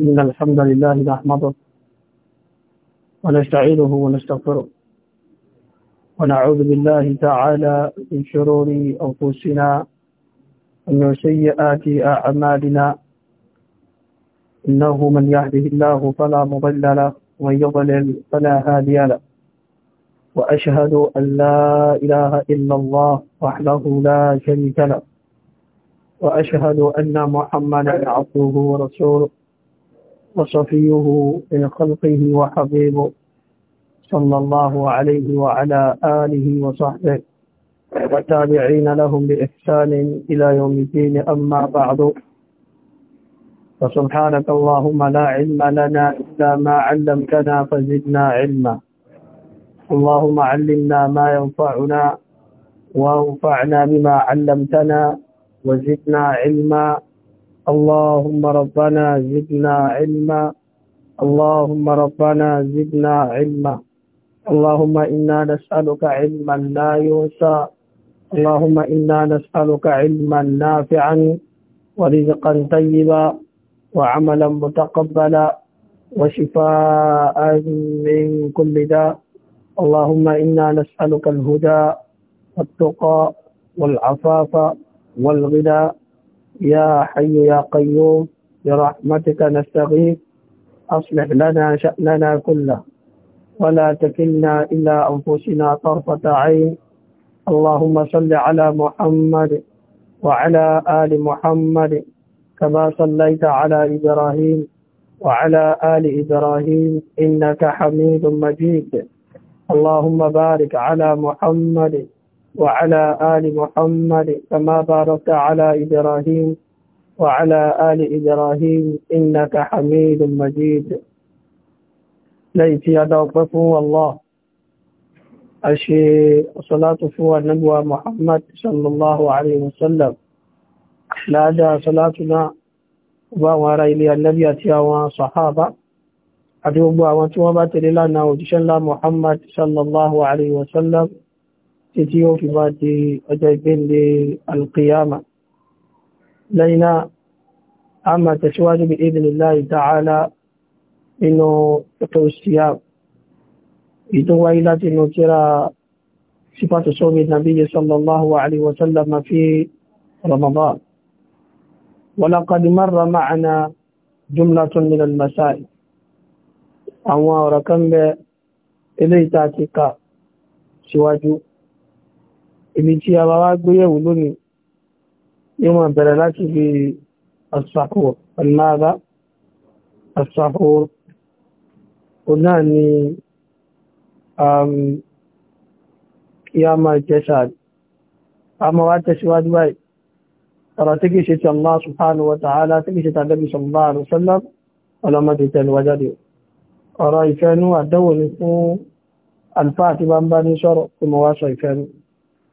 إن الحمد لله نحمده ونستعينه ونستغفره ونعوذ بالله تعالى من شرور أنفسنا ومن سيئات أعمالنا إنه من يهده الله فلا مضل له ومن يضلل فلا هادي له وأشهد أن لا إله إلا الله وحده لا شريك له وأشهد أن محمدا عبده ورسوله وصفيه من خلقه وحبيبه صلى الله عليه وعلى آله وصحبه وتابعين لهم بإحسان إلى يوم الدين أما بعد فسبحانك اللهم لا علم لنا إلا ما علمتنا فزدنا علما اللهم علمنا ما ينفعنا وانفعنا بما علمتنا وزدنا علما اللهم ربنا زدنا علما اللهم ربنا زدنا علما اللهم إنا نسألك علما لا يوسى اللهم إنا نسألك علما نافعا ورزقا طيبا وعملا متقبلا وشفاء من كل داء اللهم إنا نسألك الهدى والتقى والعفاف والغنى يا حي يا قيوم برحمتك نستغيث أصلح لنا شأننا كله ولا تكلنا إلى أنفسنا طرفة عين اللهم صل على محمد وعلى آل محمد كما صليت على إبراهيم وعلى آل إبراهيم إنك حميد مجيد اللهم بارك على محمد وعلى آل محمد كما بارك على إبراهيم وعلى آل إبراهيم إنك حميد مجيد ليت يدعوك الله أشي صلاة فهو النبوة محمد صلى الله عليه وسلم لا جاء صلاتنا وباورا إلي النبي أتيا صحابة أدوبوا وانتوا باتر لنا وجشن محمد صلى الله عليه وسلم títí yóò fi bá di ọjọ́ ìgbéǹde alkiyama lẹ́yìn náà a máa tẹ̀síwájú bí idhnillahi ta'ala nínú ètò siyam ìdúnwáyé láti inú kíra sípàtò sómi nabiyyi sallallahu alaihi wasallam fi ramadan ولقد مر معنا جملة من المسائل àwọn ọ̀rọ̀ kan bẹ ilé ìtàkíkà síwájú èmi tí a máa wá gbéyẹ̀wò lónìí yóò máa bẹ̀rẹ̀ láti fi asàkùwọ̀ ọ̀nàdá asàkùwọ̀ ọ̀nà ni kí a máa jẹ́ sáàdì a máa wá tẹ̀síwájú báyìí ọ̀rọ̀ tí kìí ṣe ti Allah subhanahu wa ta'ala tí kìí ṣe ti Ànábì sallallahu alaihi ọlọ́mọdé tẹ̀lúwájáde ọ̀rọ̀ ìfẹ́nú àdánwò ni fún alfáà tí bá ń bá ní sọ̀rọ̀ tí mo wá sọ ìfẹ́nú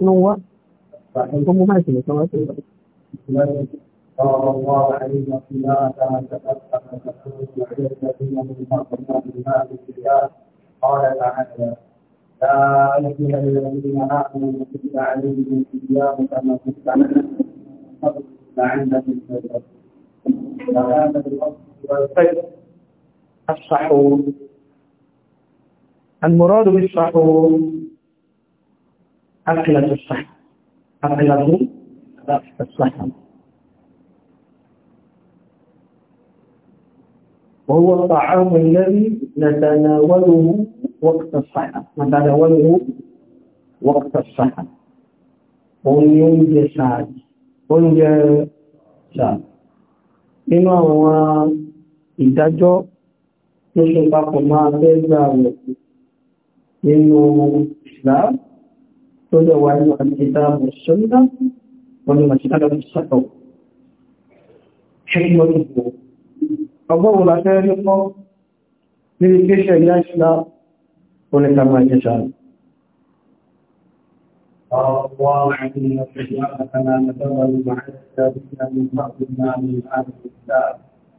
نوى هو؟ ما يسمى كما يسمى قال الله عليه وسلم قال تعالى لا الذين امنوا كتب عليهم الصيام المراد أكلة الصحن أكلة الصحن وهو الطعام الذي نتناوله وقت الصحن نتناوله وقت الصحن ونيونج ساد ونيونج ساد إما هو إتاجو نشوف ما تزعمه إنه إسلام تولى الكتاب والسنة والمسألة السفر حين ونهو أبو من كشع ناشنا ونكما جسال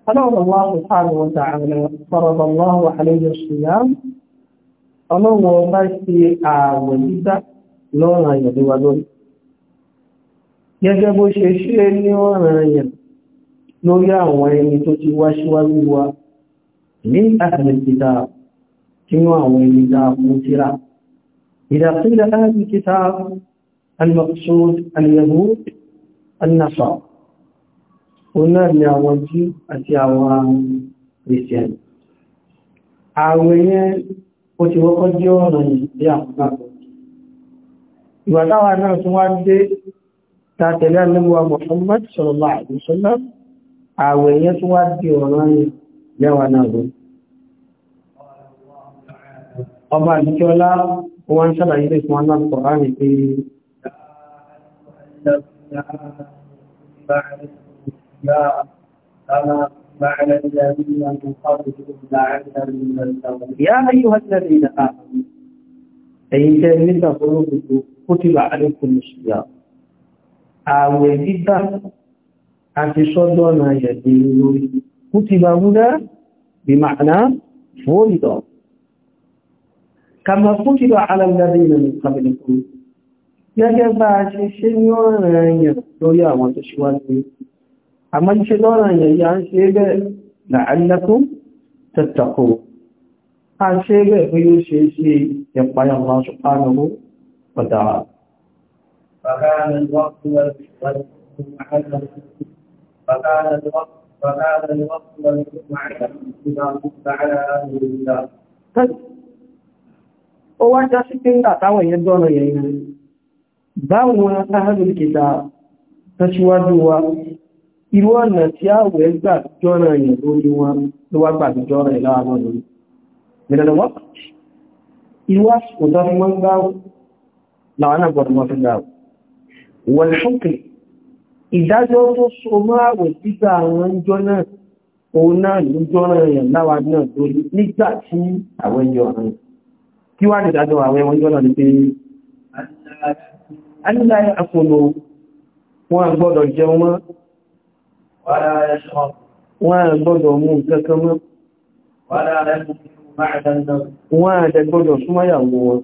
فرض الله سبحانه وتعالى فرض الله عليه الصيام أمام وفاته آه وليده lọ́rọ̀ àyàn lé wa lórí gẹ́gẹ́ bó ṣe ṣe ní ọ̀rọ̀ àyàn lórí àwọn ẹni tó ti wá síwájú wa ní àtàlẹ̀kìta nínú àwọn ẹni dáàmú tíra ìdàkílẹ̀ àtàlẹ̀kìta al-maqsud al-yahud an-nasara ọ̀nà àwọn jí ó ti wọ́kọ́ jẹ́ ọ̀rọ̀ yìí bí ìwà táwà náà tún wá dé ta tẹ̀lé àlẹ́wà Muhammad sallallahu alaihi wasallam àwẹ̀ yẹn tún wá di ọ̀ràn yẹwà náà lọ ọba àdíkọ́lá wọ́n ṣàlàyé lè fún aláàkọ̀ọ́ rẹ̀ pé يا أيها الذين آمنوا أي كان لك قلوبكم kutiba alaykum as-siyam àwẹ̀ dídá àti sọ́dọ̀ náà yẹ̀dẹ̀ lórí kutiba húdá bí ma'ana fóòlìdọ̀ kama kutiba ala alladhina min qablikum gẹ́gẹ́ bá a ṣe ṣe ní ọ̀rọ̀ ẹ̀yẹ̀ lórí àwọn tó ṣíwájú àmọ́ ṣe lọ́rọ̀ ẹ̀yẹ̀ yà ń ṣe bẹ́ẹ̀ la'allakum tattaqun a ṣe bẹ́ẹ̀ pé yóò ṣe é ṣe ẹ̀páyà Allah subhanahu وتعالى فكان الوقت والحكم فكان الوقت فكان الوقت والحكم على إذا على أهل الله ó wá já sí pé ń àtàwọn èèyàn gbọ́nà yẹ̀yìn báwọn aháàlùn kìtà tàṣíwájú wa irú ọ̀nà tí a wẹ́ gbà jọ́nà yẹn lórí wọn ló wá gbà jọ́nà ìlàwọ̀ lórí làwọn náà gbọ́dọ̀ wọ́n fi gbà wọ́n ṣókè ìdájọ́ tó so mọ́ àwẹ̀ títà àwọn ìjọ náà òun náà lójọ́ rẹ̀ láwa náà lórí nígbà tí àwọn ẹyọ ọ̀rọ̀ kí wá nìdájọ́ àwọn ẹwọ́n jọ́nà ní pé aláyé àfòlò wọn gbọ́dọ̀ jẹun mọ́ wọn gbọ́dọ̀ mú kankan mọ́ wọn àdẹ gbọ́dọ̀ súnmọ́yàwó wọn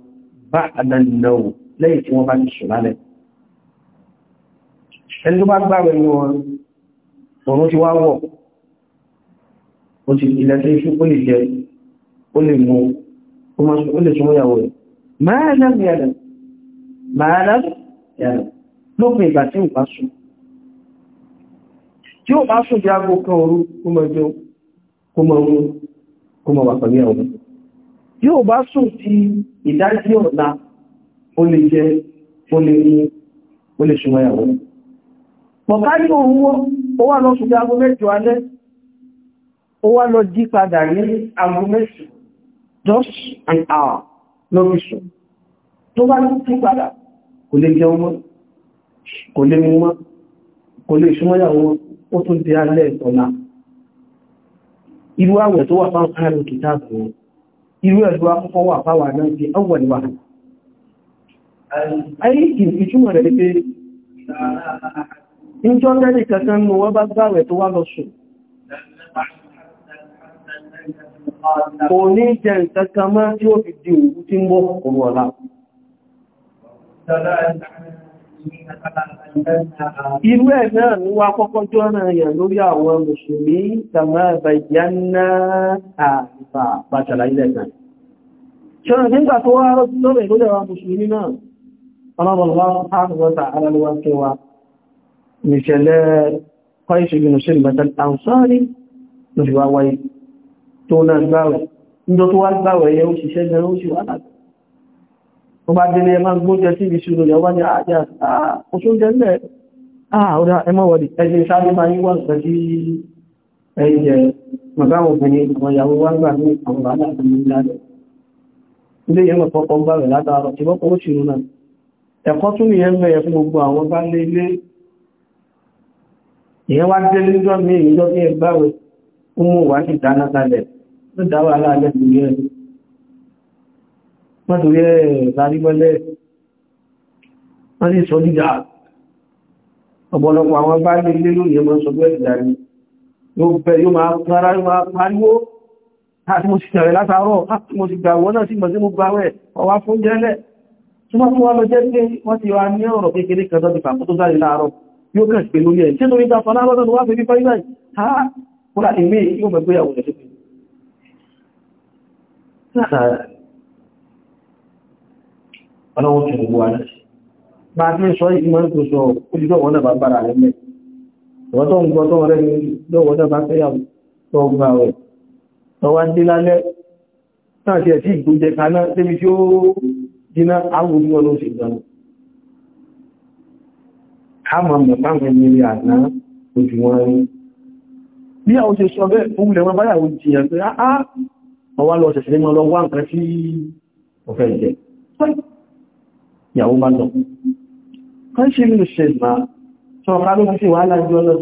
bá àdánilẹ́wò lẹ́yìn tí wọ́n bá ti sùn ẹni tó bá gbàgbẹ̀ ní wọn ọ̀run ti wá wọ̀ ó ti ilẹ̀ tí iṣu ó lè jẹ ó lè mú ó lè súnmọ́ ìyàwó rẹ̀ máa lẹ́nu yàrá máa ìgbà tí ìgbà bá sùn ó lè jẹ ó lè ní ó lè ṣùgbọ́n ìyàwó pọ̀kárí òun ó wá lọ ṣùgbọ́n aago mẹ́jọ alẹ́ ó wá lọ jí padà ní aago mẹ́sì just an hour lórí sùn tó bá jí padà kò lè jẹun mọ́ kò lè mú kò lè ṣùgbọ́n ó tún di alẹ́ ìtọ́lá irú àwẹ̀ tó wà fáwọn ààrùn ayé ìtumọ̀ rẹ̀ pé ìjọ́ lẹ́lẹ̀ kankan ní wọ́n bá gbáwẹ̀ tó wá lọ sùn kò ní jẹ ìtẹ́kan mọ́ tí ó fi di òun tí ń bọ́ òun ọ̀la irú ẹ̀ náà ní wá kọ́kọ́ jọ́nà yàn lórí àwọn mùsùlùmí tàmà bàyánà àbà bàtàlá ilẹ̀ ṣọ́nà nígbà tó wá rọ́ ọlọ́bọ̀lọ́wọ́ àwọ̀ta alálúwákẹwà nìṣẹ̀lẹ̀ kọ́ìṣì bí nìṣẹ́ ìbẹ̀tẹ̀ àwùsọ́rí lóṣìwá wáyé tó náà gbáwẹ̀ níjọ tó wá gbáwẹ̀ yẹ ó ṣiṣẹ́ jẹ́ ó sì wá láti ó bá délé ẹmá gbóúnjẹ sí ibi ṣúrò ní ọwá ní àjá oṣóúnjẹ ńlẹ̀ àà ẹmọ́wọ̀dì ẹgbẹ́ sáré máa yíwá nǹkan tí ẹ̀yẹ mọ̀gáwọn obìnrin àwọn ìyàwó wá gbà ní àwọn bàbá àti ìlú ìlànà ilé yẹmọ̀ ẹ̀kọ́ tún ní ẹgbẹ́ fún gbogbo àwọn bá lé ilé ìyẹn wá dé lójọ́ ní ìjọ ní ẹgbàwẹ̀ ó mú wà ní ìdáná kalẹ̀ ló dáwà aláàlẹ́ torí ẹ̀ wọ́n torí ẹ̀ lárígbọ́lẹ̀ wọ́n sì sọ ni yóò bẹ yóò máa rárá yóò máa pariwo láti mo sì tẹ̀rẹ̀ látàárọ̀ láti mo sì gbà wọ́n náà sì mọ̀ sí mo gbà tí wọ́n tí wọ́n lọ jẹ́ pé wọ́n ti wá ní ọ̀rọ̀ kékeré kan tọ́bí pàpọ̀ tó jáde láàárọ̀ yóò kàn pè lórí ẹ̀ tí tó ní ta fọ́nà lọ́dọ̀ ni wá fẹ́ bí fọ́ ìgbà ha kúrà ìmé yóò mẹ́gbé àwọn ẹ̀ṣẹ́ pé ọlọ́wọ́ tí gbogbo wa náà bá a fi ń sọ ìmọ̀ ń kò sọ olùdó wọn náà bá bára rẹ̀ mẹ́ lálẹ́ náà ti ẹ̀ sí ìgbójẹ kaná débi tí ó dínà àwọn ojú ọlọ́ sí ìgbàmù a ma mọ̀ táwọn ẹni rí àná ojú wọn rí bí àwọn ṣe sọ bẹ́ẹ̀ fún ilẹ̀ wọn báyàwó jìyàn pé áá ah, ọwá ah, lọ ṣẹ̀ṣẹ̀ nínú ọlọ́wọ́ nǹkan tí ó fẹ́ jẹ ìyàwó bá lọ kan ṣe nínú ṣe ìgbà sọ ọ̀ká ló fi wàhálà ìjọ lọ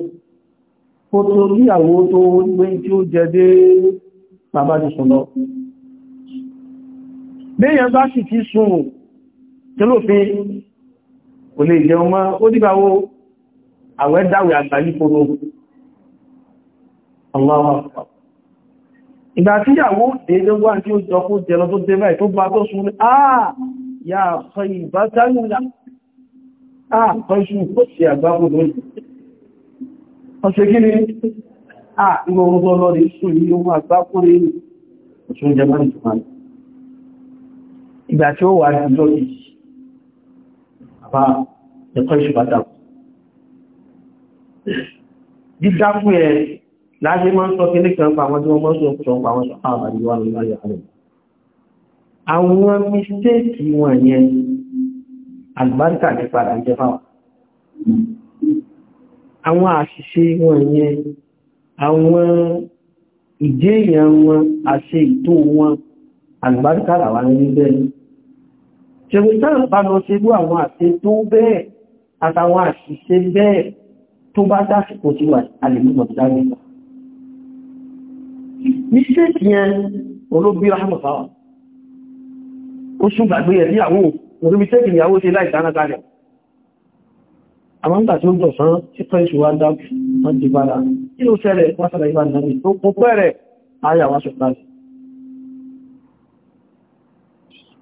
kó tó bí tó gbé tí ó jẹ dé bàbá ti sùn lọ Béèyàn bá sì ti sùn tí ló fi kò lè jẹun mọ́, ó dìgbàwó àwẹ́ dáwẹ̀ àgbàlí fóró. Ìgbà tí ìyàwó èdè wá tí ó jọ kó jẹlọ tó dé báyìí tó bá tó sùn ah, ní ah, kí ni? Àà ah, ìwọ̀n orúkọ lọ́rẹ̀ sùn yí ohun àgbákò ìtùmọ̀ ìgbà tí ó wà ní lórí àbá ẹ̀kọ́ ìṣùpátà dídákú ẹ̀ láti máa ń sọ kí ní kan pàwọn tí wọ́n mọ́ sọ pọ̀ pàwọn sọpá àbàrí wà lórí ayà rẹ̀ àwọn mistéèkì wọn yẹn àlùbáríkà ní padà àwọn ìdí èèyàn wọn àṣe ìtò wọn àlùbáríkà làwọn ní bẹ́ẹ̀ ṣẹ̀wòsàn bá lọ ṣe gbọ́ àwọn àṣẹ tó bẹ́ẹ̀ àtàwọn àṣìṣe bẹ́ẹ̀ tó bá dásìkò tí wà alìmọ̀ dáríwà. ní ṣéèkì yẹn olóbi rahmatawa ó ṣùgbàgbé ẹ̀ níyàwó olóbi ṣéèkì ìyàwó ṣe láì dánagalẹ̀ àwọn ìgbà tí ó dọ̀sán tí fẹ́ ìṣòwò adájú wọ́n ti bára kí ló ṣẹlẹ̀ wáṣàlá ìbá nàbí tó kó pẹ́rẹ̀ ayàwá ṣọ̀tàlẹ̀.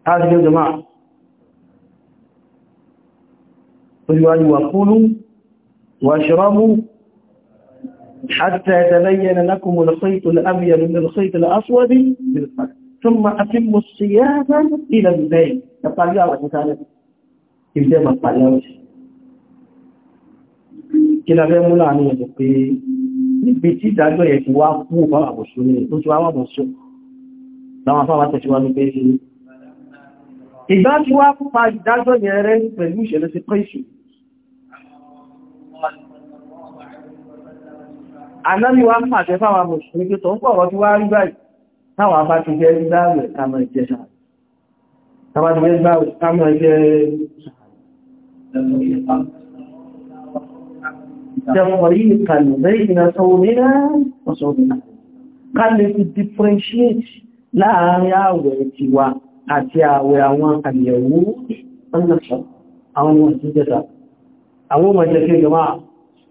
Káàkiri jọmọ́ قل يعني وقلوا واشربوا حتى يتبين لكم الخيط الأبيض من الخيط الأسود ثم اتموا الصيام إلى الليل يقال يا رجل تعالى كيف ما قال يا رجل بيتي دعوة يتوا فوق أبو سوني تتوا أبو سوني لما فوق تتوا أبو سوني إذا تتوا فوق أبو سوني إذا تتوا فوق anábí wá pàṣẹ fáwọn mùsùlùmí pé tó ń pọ̀ ọ̀rọ̀ tí wá rí báyìí táwọn bá ti jẹ́ gbáwẹ̀ kámọ̀ ìjẹ́ láàárín àwẹ̀ tiwa àti àwẹ̀ àwọn àyẹ̀wò ọ̀nà àwọn ọmọ ìjẹta àwọn ọmọ ìjẹta ìjọba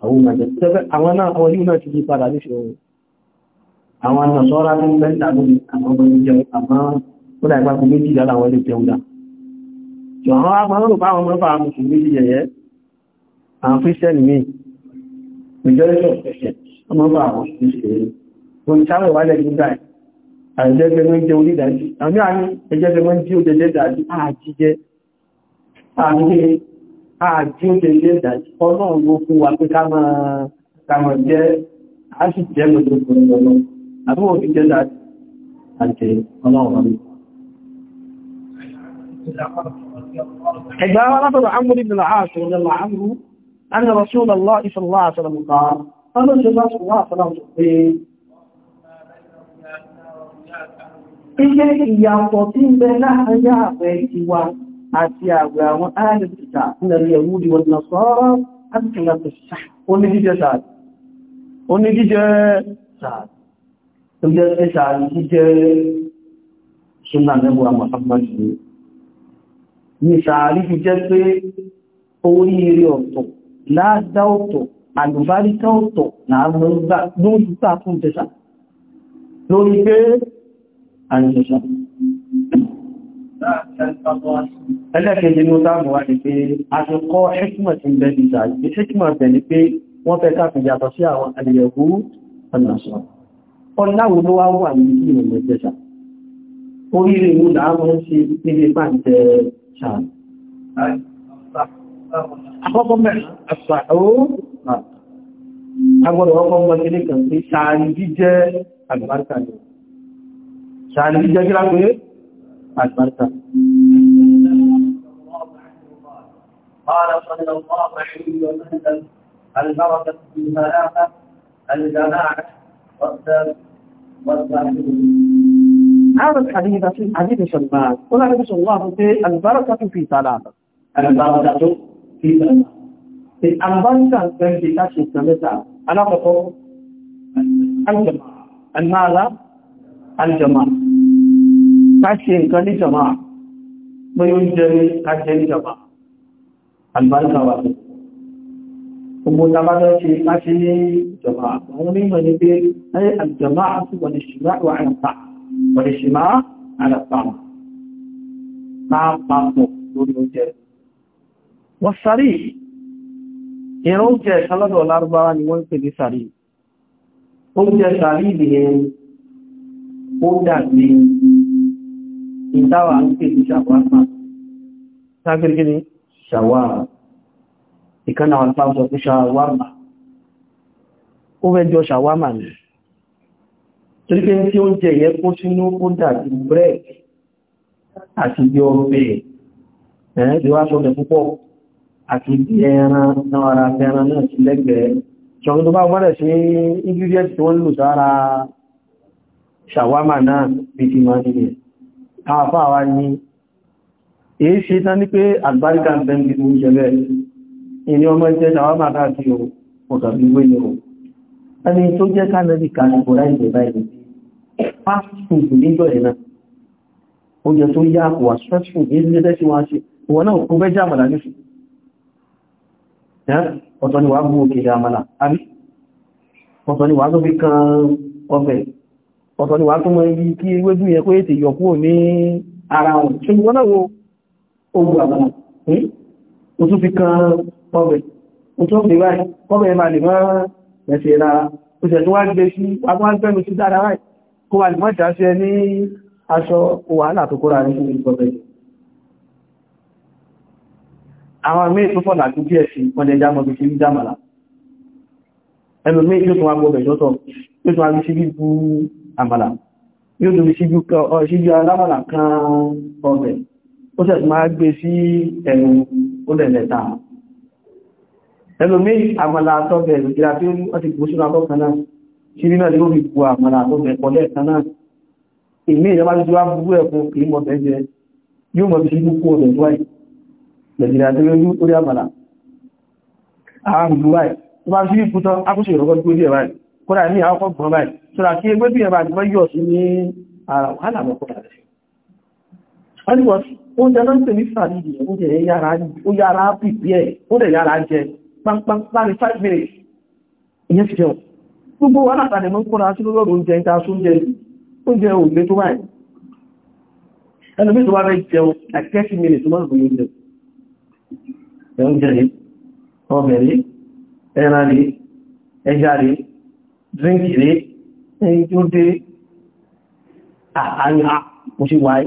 àwọn ìmọ̀jẹ̀ tẹ́fẹ́ àwọn náà àwọn yíò náà ti di padà ní ṣòro àwọn nàṣọ́rá ní mẹ́ta lórí àwọn ọmọ ìjẹ àmọ́ ó dà ìpapò méjì lára àwọn ilé jẹun dà ṣọ̀hán agbọ́n rò bá àwọn ọmọ bá mùsùlùmí méjì yẹ̀yẹ́ àwọn kírísítẹ́nì míì majority of christians ọmọ bá àwọn mùsùlùmí ṣe wọn sáwẹ̀ wálẹ̀ nígbà àìjẹ́gbẹ́ mọ́ jẹ onídàájú àmì àmì ẹjẹ́gbẹ́ mọ́ jí ó jẹjẹ́ dàájú àjíjẹ́ àmì àti ilé ìdájí ọlọ́run ló fún wa pé káàmà jẹ́ àṣì jẹ́ lọ́dún ọlọ́run àbúrò fi jẹ́ dájí àti ọlọ́run rí ẹgbẹ́ alábọ̀dọ̀ amúrí bí láàáṣù rẹ̀ láàárù أن رسول الله صلى الله عليه وسلم قال قال الله صلى الله عليه وسلم Ilé ìyàtọ̀ tí ń bẹ láàárín àpẹẹtiwa àti àgbẹ̀ àwọn ààrẹ̀kìta nílẹ̀ yẹ̀wúdí wọn na sọ́rọ̀ àti ìyàtọ̀ sáà oníjíjẹ sáà oníjíjẹ sáà tó jẹ́ pé sáà jíjẹ ṣúnà lẹ́gbọ́ àmàfàmàjì ní sáà rí fi jẹ́ pé orí eré ọ̀tọ̀ láàdá ọ̀tọ̀ àlùbáríkà ọ̀tọ̀ ẹlẹ́kẹ̀ẹ́jì ní ọ̀tàbù wá ní pé a ti kọ́ ṣíkmọ̀ tí ń bẹ ìjà ìpé ṣíkmọ̀ tẹ̀ ní pé wọ́n fẹ́ káàkiri yàtọ̀ sí àwọn àlẹ́yẹ̀kú ọ̀nàṣọ́ ọ̀láwò ló wá wà ní ìlú mẹ́jẹsà oríire ìlú láàrùn sí ilé pàǹtẹ̀ ṣàn àkọ́kọ́ mẹ́rin àṣàó agbọ́dọ̀ قال صلى الله عليه وسلم البركة في ثلاثة الجماعة والسلام هذا الحديث في حديث سلمان قل عليه الله في البركة في ثلاثة البركة في ثلاثة البركة في ثلاثة ثلاثة أنا أقول الجماعة الماذا الجماعة تعشين كل جماعة وينجري كل جماعة àlùbáríkà wà ní gbogbo tàbátọ́ ṣe láti ní ìjọba àwọn onímọ̀ ní pé ayé àjọmá àti wọ̀lẹ̀ṣìmá wà àrẹ̀pà wọ̀lẹ̀ṣìmá àrẹ̀pà máa pàpọ̀ lórí oúnjẹ wọ́n sàárì ìran oúnjẹ sálọ́dọ̀ lárúbáwá ni wọ́n ń pè ní sàárì oúnjẹ sàárì nìyẹn ó dàbí ìdáwà ń pè ní ṣàwárà ìkánà àwọn pàṣọ fún ṣàwárà ó rẹjọ ṣàwárà ní torí pé tí ó ń jẹ yẹ kó sínú ó dàbí bírẹ́ẹ̀kì àti bí ọbẹ̀ ẹ̀ẹ́ tí wá ṣọ́bẹ̀ púpọ̀ àti bí ẹran náà ara fẹ́ran náà sí lẹ́gbẹ̀ẹ́ ṣọ̀rọ̀ tó bá wọ́rẹ̀ sí àwọn afáwa èyí ṣe tán ní pé àgbáríkà ń tẹ́lì fún ìṣẹ̀lẹ̀ ìní ọmọ jẹ́ ṣàwọ́mà káàkiri o ọ̀tàbí gbé ní o ẹni tó jẹ́ kánẹ́lì kàṣùkò láìsẹ̀ báyìí fásitì níjọ́ ẹ̀nà oúnjẹ tó yá wà stressful ní ilé tí wọ́n ṣe wọ́n náà kó bẹ́ jàmàlà ni wà bú ni wà tó fi kan ọbẹ̀ ni wà tó mọ ibi kí ewédú yẹ kó ètè yọkúrò ní ara wọn ṣe wọ́n náà ogun àwọn o tún fi kan ọbẹ̀ o tún fi ráì ọbẹ̀ ma lè máa mẹ́sẹ̀ lára o tẹ̀ tó wá gbé sí agbọ́ngbẹ́mi sí dára ráì kó wà lè mọ́ ìdáṣẹ́ ní aṣọ wàhálà tó kóra ní fún ìgbọ̀bẹ̀ àwọn mí tó fọ́nà tó díẹ̀ sí wọ́n jẹ́ jámọ́ bí sí ní jámàlá ẹnu ọbẹ̀ ó sẹ̀ máa gbé sí ẹnu ó lẹ̀lẹ̀ta ẹlòmí àmàlà àtọ́bẹ̀ ìgbìyà tí ó ti gbóṣùn àtọ́ kan náà sí rí náà ni ó fi gbò àmàlà àtọ́bẹ̀ pọ̀lẹ̀ kan náà ìmí ìjọba ti wá búrú ẹ̀kùn kìí mọ̀ tẹ́jẹ yóò mọ̀ sí púpọ̀ rẹ̀ wáyé lẹ̀gbìyà tí ó rí orí àmàlà àwọn ìlú wáyé tó bá sí ìpútọ́ akúṣe ìrọ̀gọ́ tó díẹ̀ wáyé kódà ní àwọn ọkọ̀ báyìí oúnjẹ náà ń pè ní sàrídì oúnjẹ yẹn yára ó yára pìpì ẹ̀ ó dẹ̀ yára jẹ pánpán láàrin five minutes ìyẹn ti jẹun gbogbo wa látàdé mọ́ kúrò sí lọ́rọ̀ oúnjẹ ìta oúnjẹ oúnjẹ ò lè tó báyìí ẹlùmí tó bá rẹ̀ jẹun àkẹ́sì mìíràn tó mọ́rùn oúnjẹ oúnjẹ rẹ̀ ọbẹ̀ rẹ̀ ẹran rẹ̀ ẹja rẹ̀ drínkì rẹ̀ ẹni tó dé àáyà mo ṣe wáyé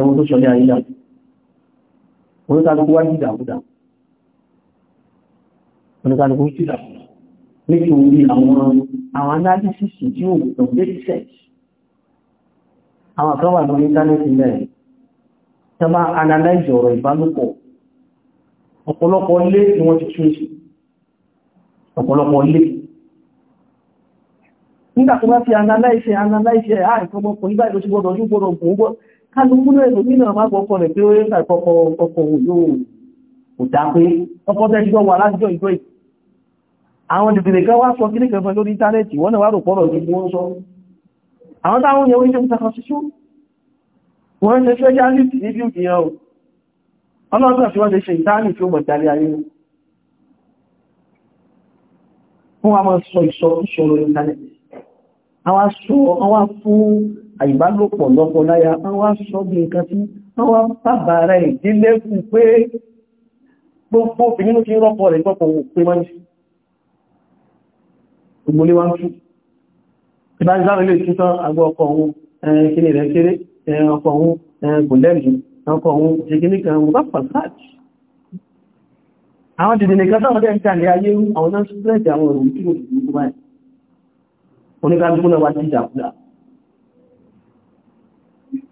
ẹwọ tó ṣọlẹ̀ ayé náà oníkàlùkù wá dìdàkúdà oníkàlùkù dìdàkúdà nítorí àwọn àwọn analysis tí ó wùtọ̀ research àwọn kan wà lórí internet mẹ́rin tó bá analyze ọ̀rọ̀ ìbálòpọ̀ ọ̀pọ̀lọpọ̀ ilé ni wọ́n ti tún sí ọ̀pọ̀lọpọ̀ ilé nígbà tó bá fi analyze analyze àìkọ́gbọ́pọ̀ nígbà ìlú ti gbọ́dọ̀ ojú gbọ́dọ̀ gbọ́dọ̀ kálukúlẹ̀ èdò nínú àmá gbọ́kọ̀ rẹ̀ pé ó yẹ́ ìpọ̀pọ̀ ọkọ̀ yóò kò dá pé ọkọ̀ tẹ́jọ́ wà látijọ́ ìjọ́ ì àwọn dìdìrì kan wá sọ kí nìkan fẹ́ lórí íńtánẹ́ẹ̀tì wọ́n náà wá rò pọ́rọ̀ àwọn táwọn yẹn oníṣẹ́ ìtaka ṣíṣú wọ́n ìtàlẹ̀ ayé wọ́n sọ àwọn aṣọ fún àìbálòpọ̀ lọ́pọ̀ láyá wọ́n wá sọ́bí nǹkan tí wọ́n wá bàbà rẹ̀ ìdílé fún pé gbogbo obìnrin ló fi rọ́pọ̀ rẹ̀ gbọ́pọ̀ pé wọ́n jù gbogbo lé wọ́n jù ìbájáwé lè tútọ́ agbọ́ ọkọ̀ ohun kíni rẹ̀ kéré ọkọ̀ ohun kò lẹ́rìí ọkọ̀ ohun ti kíní kan wọ́n bá pàtàkì àwọn dìdì nìkan sáwọn dẹ́ ń tàlẹ̀ ayé àwọn náà spread àwọn òrùn tí ó dìdì gbogbo báyìí oníkàndúgbò náà wá sí ìjà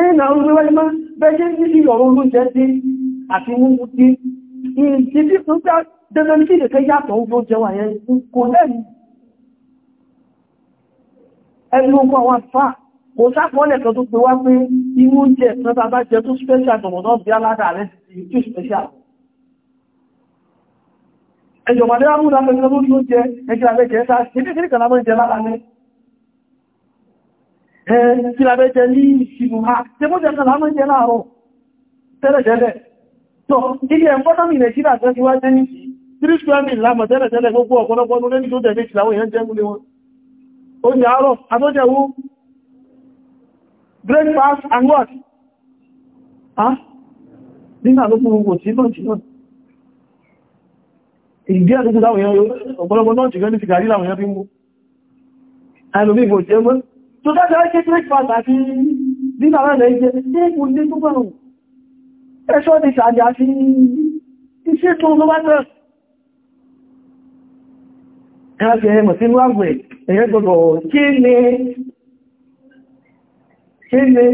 ẹ̀nà orílẹ̀-èdè bẹ́jẹ́ níbi ọ̀rọ̀ olóúnjẹ sí àti múmú sí ìdíbí fún pé dandan ní ìdẹ̀kẹ́ yàtọ̀ oúnjẹ wà yẹn kò lẹ́nu ẹni ogun àwọn àfá kò sápọ̀lẹ̀ kan tó pé wá pé inú oúnjẹ ẹ̀sán bàbá jẹ tó special tọ̀mọ̀ náà bí aládà rẹ̀ kí la bẹ́ jẹ ní ìṣirò ha tí mú jẹ́ kàlá mọ́ jẹ láàárọ̀ tẹ́lẹ̀tẹ́lẹ̀ tó ilé ẹ̀kọ́nọ́mì nàìjíríà jẹ́ ti wá jẹ́ ní tí lọ́nà àdúgbò láwọn ọ̀pọ̀lọpọ̀ lọ́nà jìnà ní ti gàrí láwọn mú ẹlòmí ìgbò jẹ́ mọ́ tó dájọ́ ẹ́kẹ́ breakfast àti dinner rẹ̀ jẹ́ tẹ́kùn lé tó gbọ́rùn ẹ̀ṣọ́ ti sàájì àti iṣẹ́ tó ló bá tẹ́ ẹ̀rọ ti ẹmọ̀ sínú àgbẹ̀ ẹ̀yẹ́ gbogbo kí ni kí ni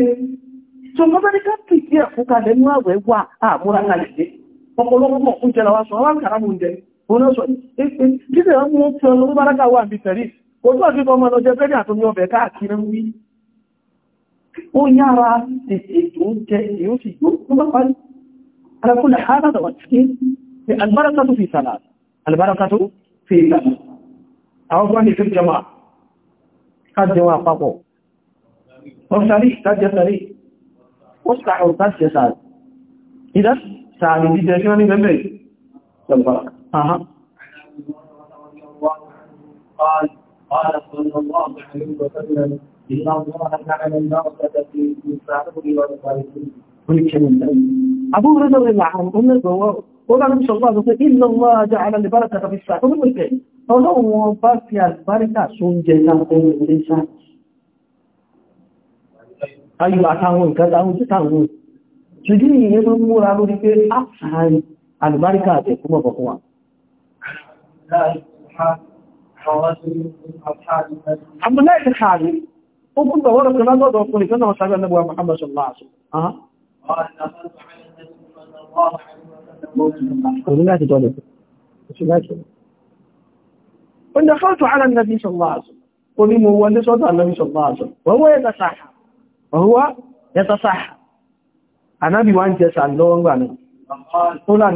tó mọ́bẹ́ ní káàkì sí ẹ̀fúnkalẹ̀ ní àwẹ̀ wà àmúra kalẹ̀ ọ̀pọ̀lọpọ̀ mọ̀ oúnjẹ làwọn sọ kò tó àti ọmọ ọlọ́jẹ́ pẹ́lú àtúnmí ọbẹ̀ káàkiri ń wí ó yára tètè tó ń jẹ èyí sì yóò tó bá parí alákùnlẹ̀ hádà da wàtíkí ni albaraka tó fi sàlá albaraka tó fi sàlá àwọn gbọ́n ni fún jama kájẹwà papọ̀ wọ́n Aha. قال صلى الله عليه وسلم إن الله جعل المرأة في السعود والخارجين كل كلمة أبو هريرة رضي الله عنه قلنا له قال النبي صلى الله عليه وسلم إن الله جعل البركة في السعود والخارجين ọlọ́run bá fi àlùbáríkà sóúnjẹ láàrín ìrìnṣà ayò àtàwọn nǹkan táwọn jẹ́ táwọn ṣùgbọ́n ìyẹn tó múra lórí pé àṣàárín àlùbáríkà àtẹ̀kúnmọ̀ kọ̀kún wa Abdullahi ti kààrí, ó kún bọ̀ wọ́n kan lọ́dọ̀ ọkùnrin ìfẹ́ náà sáré ẹnẹ́gbọ́ Muhammad sallallahu alaihi wasallam. Òun láti jọlẹ̀. Ó ní fọ́tù ala nàbí sallallahu alaihi wasallam, ó ní mo wọlé sọ́dọ̀ nàbí sallallahu alaihi wasallam, wọ́n wọ́n yẹta sáà, wọ́n wọ́n yẹta sáà. Ànábì wá ń jẹ sàn lọ́wọ́ gbà náà. Ó lá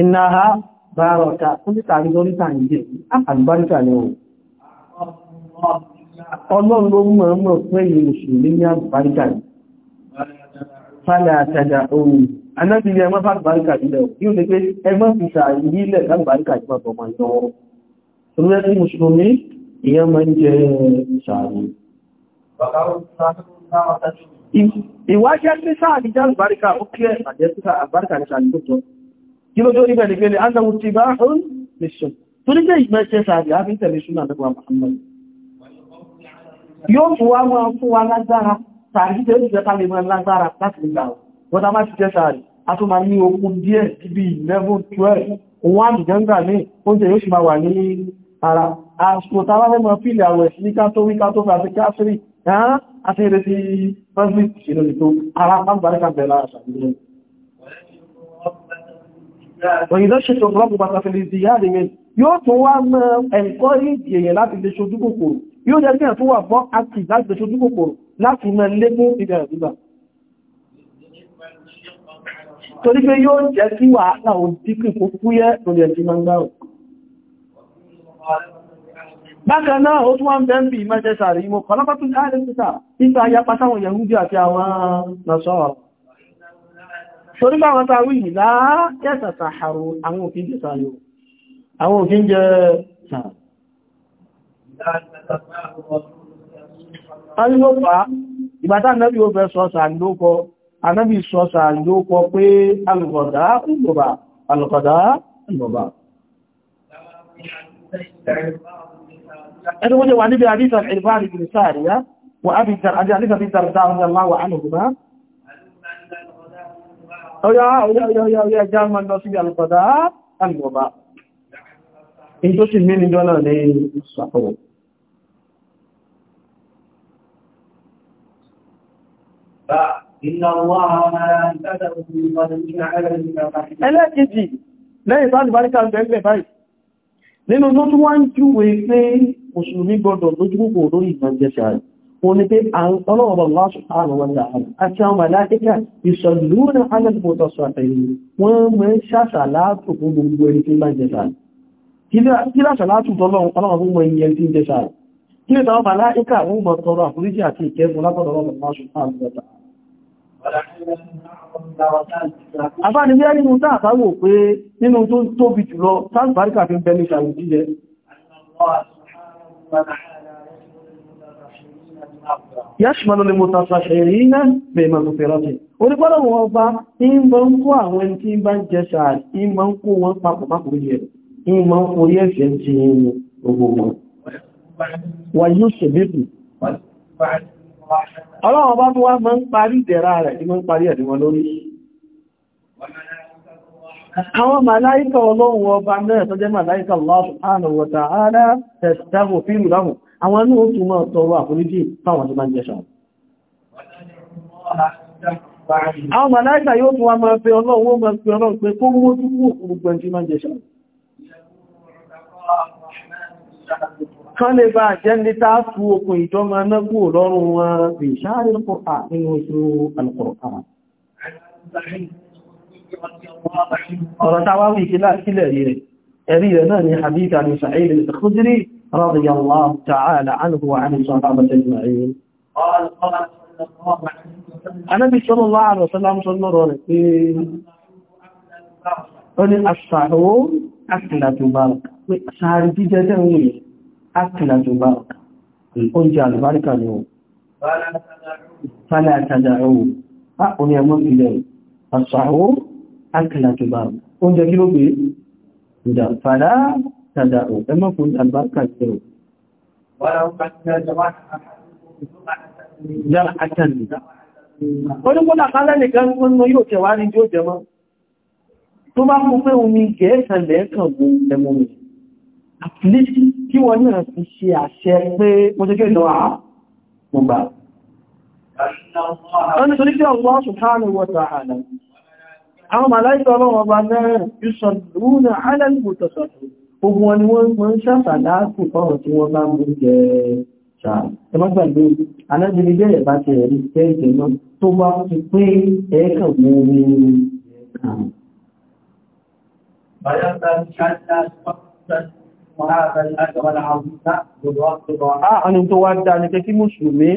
ìnáha bára ọ̀ta oníta àrígọ́ríta ìjẹ́ àgbáríta ni ohun ọlọ́run ló mọ̀ mọ̀ pé ìlú ṣùgbé ní àgbáríta ni fàlà àtàdà ohun anábìlì ẹmọ́ fàgbáríta ilẹ̀ yíò lè pé ẹmọ́ fìṣà ìlẹ̀ lágbàríta ìpapọ̀ mọ̀ ìtọwọ́ orílẹ̀-èdè mùsùlùmí ìyẹn máa ń jẹ ṣàrí ìwájẹ́ pẹ́sà àdíjá àgbáríta ó kílẹ̀ àjẹ́ pẹ́sà àgbáríta ní tó tọ́ kí ló tó rí bẹ̀rẹ̀ pé annahu tibahun lẹ́ṣọ́ tó ní pé ìgbẹ́ṣẹ́ sàárì àfíntẹ̀lẹ́ ṣúnà nípa Muhammad yóò fún wa máa fún wa lágbára sàárì tẹ́ ìjẹ́ ká lè máa lágbára láti ìgbà wọ́n ta má ti jẹ́ sàárì a tó máa ní okun díẹ̀ bí 11 12 wọ́n àjẹ́gbà ní oúnjẹ yóò sì máa wà ní ara àṣìkò tàbá fẹ́ وينشط الرغبة في الازدياد منه yóò tún wá mọ́ encourage èèyàn láti lè ṣojú kòkòrò yóò jẹ́ kí ẹ̀ tó wà bọ́ àti láti lè ṣojú kòkòrò láti mọ́ légún ìgbà ìgbà torí pé yóò jẹ́ kí wàhálà ò díkì kó fúyẹ́ lórí ẹ̀jí máa ń gbárùn bákan náà ó tún wá ń bẹ́ ń bí ìmẹ́jẹ́ sàrí mọ́ torí bá wọn tàwí ìlà yẹ́sà sàárò àwọn òfin jẹ sàárò àwọn òfin jẹ sàárò alílòpá ìbátá anábí ó fẹ́ sọ́sà lókọ anábí sọ́sà lókọ pé alùkọ̀dá ìgbòbà alùkọ̀dá ìgbòbà ẹni wọ́n jẹ́ wà níbi àdísà ìrìfà àdìsà àríyá wà á fi tàrí àdísà fi tàrí dáa ọ̀yá ọ̀yá ọ̀yá ẹjá máa lọ sí alùpàdá alùpàdá in tó sì mí ní dọ́là ní ṣàkọ̀wọ̀ ẹlẹ́kìjì lẹ́yìn bá nìbáríkà bẹ̀ẹ̀bẹ̀ báyìí nínú ló tún wá ń júwe pé mùsùlùmí gbọdọ̀ lójúkòkò lórí ìgbàjẹ́sà rẹ̀ òní pé ọlọ́ọ̀bọ̀ lọ́ṣù ààrùn wọn láàrín àti àwọn màláíkà ìṣọ̀lúnà alẹ́bùtọ̀sọ̀ àtẹ̀yìn wọ́n mọ́ ṣàṣàlátù fún gbogbo ẹni tí máa jẹta kí láṣàlátù tọ́lọ́run ọlọ́run mọ́ iye tí tàwọn màláíkà wọ́n mọ́ tọrọ àforíjì àti ìkẹ́fún látọ̀dọ̀ yashmalu lil mutasahhirina bi maghfirati onípọ́lọ̀ wọn bá ń bọ́ ń kó àwọn ẹni tí ń bá ń jẹ sàárì ń bọ́ ń kó wọn papọ̀ papọ̀ yẹ ń bọ́ ń forí ẹ̀ṣẹ̀ ti inú gbogbo wọn wà yóò ṣe bíbù ọlọ́wọ́n bá tó wá àwọn màláíkà ọlọ́run ọba náà tó jẹ́ màláíkà Allah subhanahu wa ta'ala fíìmù láhùn àwọn inú ó túnmọ̀ tọrọ àforíjì fáwọn tí bá ń jẹ́ ṣàwọn àwọn màláìkà yóò tún wá máa fẹ́ ọlọ́run máa fẹ́ ọlọ́run pé kó mú ojú kú gbogbo tí máa ń ṣàwọn ọ̀rọ̀ táwáwí ìkílẹ̀ rí rẹ̀ ẹ̀rí rẹ̀ náà ni hadith ni Sa'id al رضي الله تعالى عنه وعن الصحابة اجمعين قال قال صلى الله عليه وسلم انا بشر الله عليه وسلم صلى الله عليه وسلم قال أكلة بركة سهر في جدوي أكلة بركة الأنجى البركة اليوم فلا تدعوه أقول يا من إليه الصحور أكلة بركة أنجى كيلو بي فلا tàdà ò ẹ mọ́ fún àlùbáríkà sí ò yára àtàlì onígbọ́nà kálẹ́ nìkan gbọ́nà yóò tẹ̀wà ní tí ó jẹ mọ́ tó bá mú pé omi gẹ̀ẹ́sàn lẹ́ẹ̀kan bú ẹmọ mi at least kí wọ́n náà fi ṣe àṣẹ pé mo ṣe kéèlọ àá mo gbà ọ́nà ní kí ọ̀gbọ́n àwọn màláìkọ̀ ọlọ́wọ́ bá náà yusalluna 'ala al-mutasahhirin gbogbo wọn ni wọ́n mọ́ ń ṣàtàdá kù fọ́rọ̀ tí wọ́n bá mú jẹ ṣàrì ẹmọ́gbàgbé anájẹ́lẹ́ bẹ̀rẹ̀ bá ti ẹ̀rí tẹ́ẹ̀kẹ́ náà tó bá ti pé ẹ̀ẹ́kàn mú omi Àwọn ah, tó wá dá ní kẹ́kí Mùsùlùmí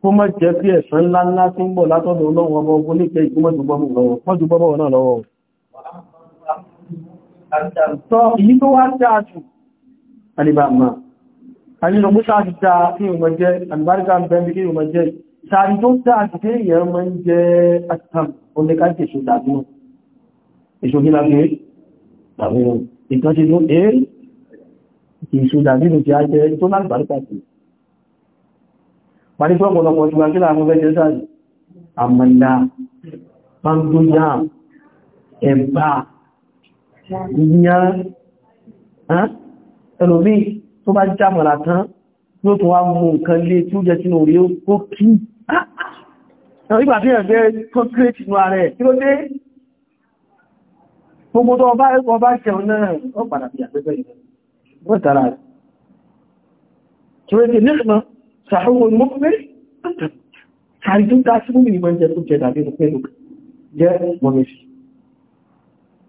kó mọ́ jẹ́ bí ẹ̀sán ńlá ńlá tí ń bọ̀ látọ́dọ̀ ọlọ́run ọmọ ogun ní kẹ́ ìgbọ́mọ̀jùgbọ́mọ̀ náà lọ́wọ́ àtàntọ́ èyí tó wá dáadù alìbàmà alìlọ mú sáàtù dá kí o mọ jẹ́ alìbáríkà bẹ̀mí kí o mọ jẹ́ sáàrí tó dáadù kí èyàn mọ jẹ́ àtàm oníkájì èso dàbí èso kí lábí dàbí ìtọ́jú ló é èso dàbí ló ti á jẹ́ tó lálìbáríkà sí Pàdé tó ọ̀pọ̀lọpọ̀ ìgbà kí láàmú fẹ́ jẹ́ àmàlà, pàndóyà, ẹ̀bà, ìyàn ẹlòmí tó bá jàmọ̀lá tán yóò tó wá mú nǹkan lé tí ó jẹ́ sínú orí ó kí ìgbà tí ẹ̀fẹ́ kọ́kírẹ́tì inú ààrẹ tí ó dé gbogbo tó ọba ẹ̀kọ́ bá jẹun náà ó padà bí àpẹ́fẹ́ ìrìn wọ́n tààrà rẹ̀ tí ó dé nígbà sàárùn mọ́kúnlẹ̀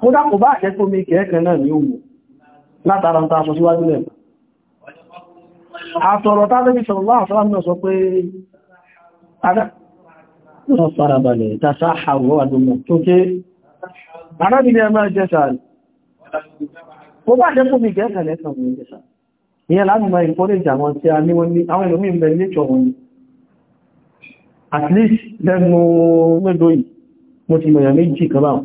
kó dákò bá jẹ́ tó mi kẹ́ẹ̀kẹ́ náà ní òun látara ta sọ síwájú rẹ̀ àtọ̀rọ̀ tàbí sọ̀rọ̀lá Kò bá jẹ́ fún mi gẹ́ẹ̀kà lẹ́sàn mú ìjẹsà. Ìyẹn láàrùn-ún ìkọ́lẹ̀jà wọn tí a ní wọ́n ní àwọn ìlúmí ìbẹ̀ lẹ́tọ̀ wọn ni. At least lẹ́nu mẹ́dọ̀ yìí, mo ti mọ̀yàn méjì kan báwọn.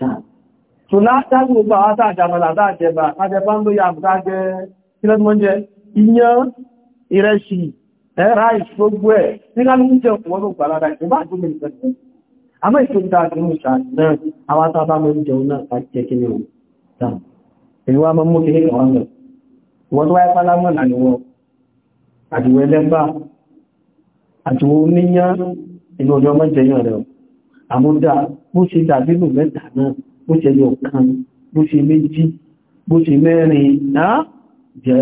ìsàn tó látàrí gbogbo àwọn àtàjàmọ̀lá àtàjẹba àjẹbá ń lóyà àbúkájẹ́ kílọ́dúnmọ́jẹ́ iyán ìrẹsì ẹ̀rá ìṣogbo ẹ̀ ní kálùkù jẹ́ ọ̀pọ̀lọpọ̀ ìgbàlára ìgbà àjúmọ̀ ìgbẹ̀rẹ̀ àmọ́ ìṣòkúta àjúmọ̀ ìṣà náà àwọn àtàbà mọ́ ìjẹun náà àjẹ́ kí ni ó dáa èyí wá mọ́ mú kí ní kàwọn lọ àmúdá bó ṣe dàbínú mẹ́ta náà bó ṣe lè ọ̀kan bó ṣe méjì bó ṣe mẹ́rin náà jẹ́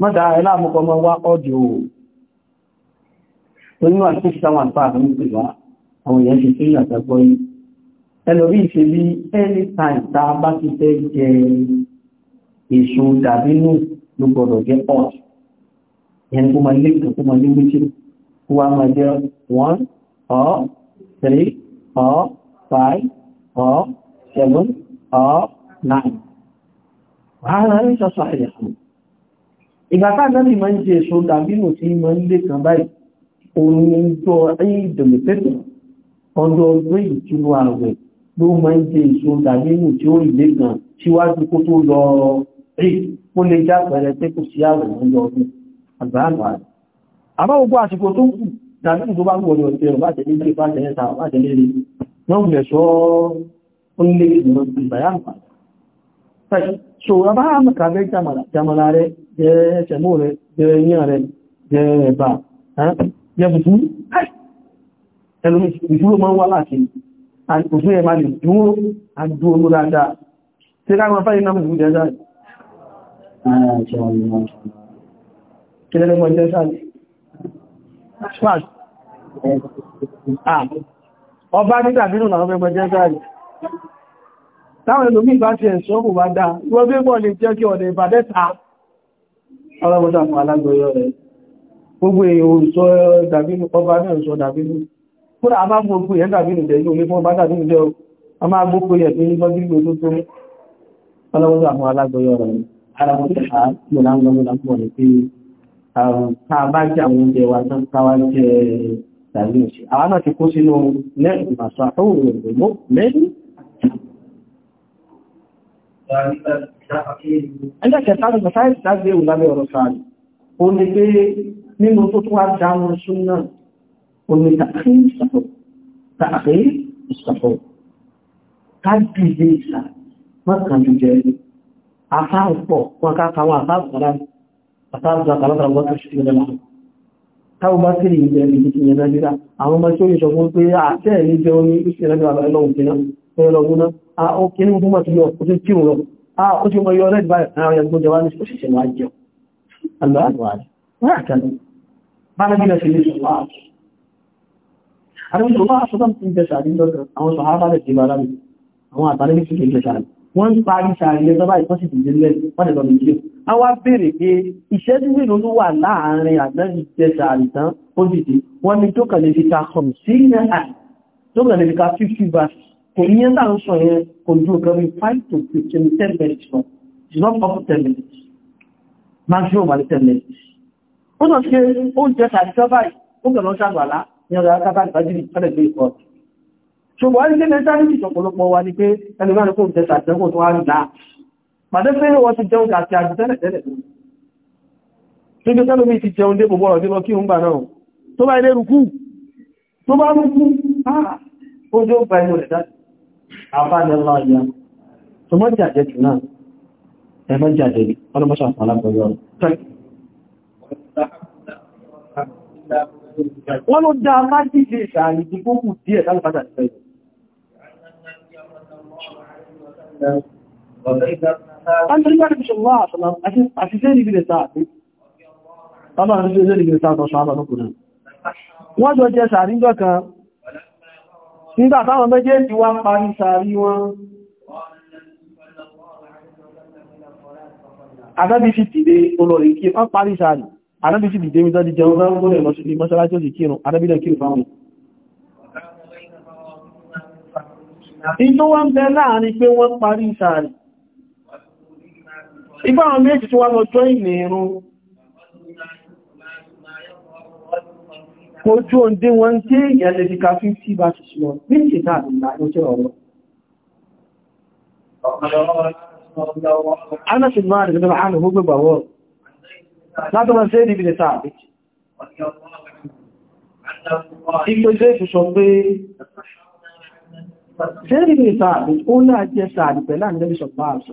mọ́ta ẹláàmùkọ́ mọ́ wá ọdí o tó níwà tí sáwọn àpá àwọn ìpìlá àwọn èèyàn ṣe tí àtàgbọ́ yìí ẹlòrí ìṣe bí ẹni tàìta bá ti fẹ́ jẹ èso dàbínú ló gbọdọ̀ jẹ́ ọ̀t ìyẹn kó máa lé kó máa lé méjì kó wá máa jẹ́ 1 or 3 or 5 or 7 or 9. Wàhálà rí sọ́sọ́ ẹ̀rẹ̀ fún. Ìgbàtà lẹ́bí máa ń jẹ èso dàbínú tí máa ń lé kan báyìí, òun ìjọ ìdòlè pẹ́tọ̀, ọjọ́ ọdún ìtúrú ààwẹ̀ ló máa ń jẹ èso dàbínú tí ó ìlé kan síwájú kó tó lọ rí, ó lè já pẹ̀rẹ̀ sí ààwẹ̀ dàbí tó bá ń wọ̀lọ̀ ọ̀tẹ̀ ọ̀bá tẹ̀lé ní ìpá tẹ̀lé ta ọ̀bá tẹ̀lé rí wọ́n lè sọ onílé ìgbìmọ̀ ìbàyà nǹkan so ọba àmàkà bẹ́ jamala rẹ jẹ́ ẹ̀ṣẹ̀mọ́ rẹ jẹ́ yíyàn rẹ jẹ́ ẹ̀bà jẹ́ bùtú ẹlùmí ìṣúrò máa ń wá láti òfin ẹ̀mà lè dúró àjú olúradà tí ká wọn fáyé náà ah ọba nígbà nínú àwọn ọmọ ẹgbẹ́ gáàrí táwọn ẹlòmí bá ti ẹ̀ṣọ́ kò bá dáa ìwọ́n bí mọ́ lè jẹ́ kí ọ̀dẹ̀ ìbàdẹ́ta ọlọ́mọdá fún alágbòyọ́ rẹ̀ gbogbo èèyàn sọ dàbínú ọba náà sọ dàbínú kúrò a máa gbogbo èèyàn dàbínú jẹ́ ilé fún ọba dàbínú jẹ́ a máa gbogbo èèyàn tó ní gbọ́gbígbò tó tó ọlọ́mọdá fún alágbòyọ́ rẹ̀ àwọn bá jẹ́ àwọn oúnjẹ wa tán káwà jẹ́ tàbí òṣì àwọn náà ti kó sínú lẹ́rùn àṣà òòrùn ìgbòmó lẹ́yìn ẹjẹ́ kẹta ní bàtàrí ìdágbé ìwò lábẹ́ ọ̀rọ̀ sáàrì ó ní pé nínú tó tó wá dáwọn súnà ó ní tàbí ìsàfọ́ káàkiri ìsà mọ́kànlú àtàrà àtàrà wọ́n tó ṣe ìrẹ́lá táwọn bá sí ìrìn ìrìn ìrìn ìrìn nàìjíríà àwọn ọmọ tí ó yíṣọ fún pé àṣẹ ní jẹ omi ìṣẹ́lẹ́gbẹ̀ àbáyọ́lọ́gùn kìíná ẹ̀rọ̀gúnná a ó kìíní fún mọ̀ tí yọ ó tí kí òun lọ a ó tí mọ̀ yọ rẹ̀ báyìí àwọn ẹgbẹ́ jẹwa ní òṣìṣẹ́ máa jẹun aláàdùwárí wọ́n àkàlù bá lẹ́gbẹ̀ẹ́ sí ilé ṣọ́lá àrùn ìṣọ́lá àṣọ́dán ti jẹ sàárì lọ́dọ̀ àwọn sọ̀hábà ń parí sàárì lẹ́tọ́ báyìí wọ́n sì wọ́n lè lọ a wá bèèrè pé ìṣẹ́jú mélòó ló wà láàárín àgbẹ́rin jẹta àrìtán ó dìde wọ́n ni tó kàn lè fi ka kọm sí náà tó kàn lè fi ka 50 bá kò ní ẹ́ta ń sọ yẹn kò ju nǹkan bí 5 to 15 10 minutes lọ it's not up to 10 minutes maximum at 10 minutes ó sọ pé ó jẹ àrìtán báyìí ó kàn lọ ṣàgbàlá ní ọ̀rọ̀ akábá ìbájúrì kálẹ̀ gbé ìkọ́ ṣùgbọ́n ilé mẹ́ta ní ìṣọ̀pọ̀lọpọ̀ wa ni pé ẹni máa ní kó ń tẹ́ta àtẹ́kùn tó wá ń dáa pàdé pé wọ́n ti jẹun àti àjù tẹ́lẹ̀tẹ́lẹ̀ tó jẹ́ tẹ́lómi ti jẹun dé gbogbo ọ̀dí lọ kí o ń gbà náà tó bá ilé rùkú tó bá rùkú àà ó jẹ́ ó gba inú rẹ̀ dájú àfáàdẹ́lá ìyá tó mọ́ jàjẹ́ jù náà ẹ̀mọ́ jàjẹ́ An tarihi da bishin Allah sallam a fi sai ribi da sa'adu. Allah na fi sai ribi da sa'adu sa'adu na kudu. Wọ́n jọ jẹ sàárín jọ kan, nígbà táwọn méjèèjì wá ń parí sàárín wọn. Àdábí fi tìde olórin kí wọ́n parí sàárín. Àdábí fi dìde mi tọ́dí jẹun fẹ́rún gómìnà lọ sí mọ́ṣáláṣí òsì kírun, àdábí lọ kírun fáwọn. Ìjọ wọ́n bẹ Ibá àwọn méjì tí wá lọ jọ ìnì irun. Ojú òǹdé wọn tí ìyẹ̀lẹ̀ ti ká 50 bá ti ṣùlọ, bí i ṣètà àdìlá ló jẹ́ ọ̀rọ̀. Ana ṣe máa rẹ̀ lọ́wọ́ àánú gbogbo gbàwọ́. Látọ́mọ̀ sí ẹni bìnẹ̀ sáà bí. Ìpé jẹ́ ìṣọ́ pé Ṣé ìrìn ìsáàbì, ó náà jẹ́ sáàbì pẹ̀lú àmì lẹ́bí ṣọ̀pá àṣọ.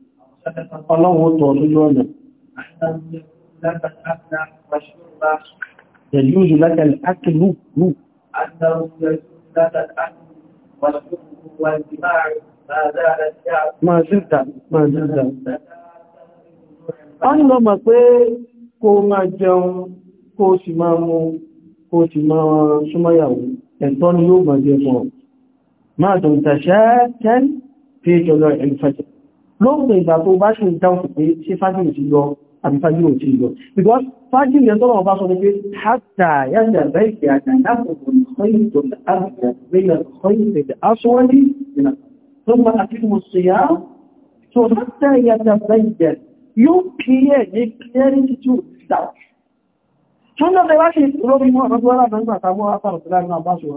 ọlọ́run tó lójú ọ̀nà يجوز لك الأكل ما زلت ما زلت wọ́n lọ mọ̀ pé kó máa jẹun kó sì máa mú kó sì máa súnmọ́yàwó ẹ̀tọ́ ni yóò máa jẹ fún ọ máa tó tàṣẹ́ kẹ́ fi jọlọ ìfẹ́jẹ̀ lóògbé ìgbà tó bá ṣe ìdáhùn pé ṣe fájìlì ti lọ àbí fájìlì ti lọ because fájìlì ẹ̀ tọ́lọ̀ bá sọ pé hátà yàtà bẹ́ẹ̀kì àjà lápòpò ìsọ́yìntò àbìyà rẹ̀yà ìsọ́yìntò aṣọ́wọ́lì ìrìnà tó bá àfihàn ṣìyà tó hátà yàtà bẹ́ẹ̀kì yóò kí ẹ̀ ní clarity to start. Ṣọ́nà bẹ̀rẹ̀ ṣe lórí mọ́ ọ̀rọ̀ tó wá láàrín àtàwọn afárùn-ún láàrín àbáṣọ́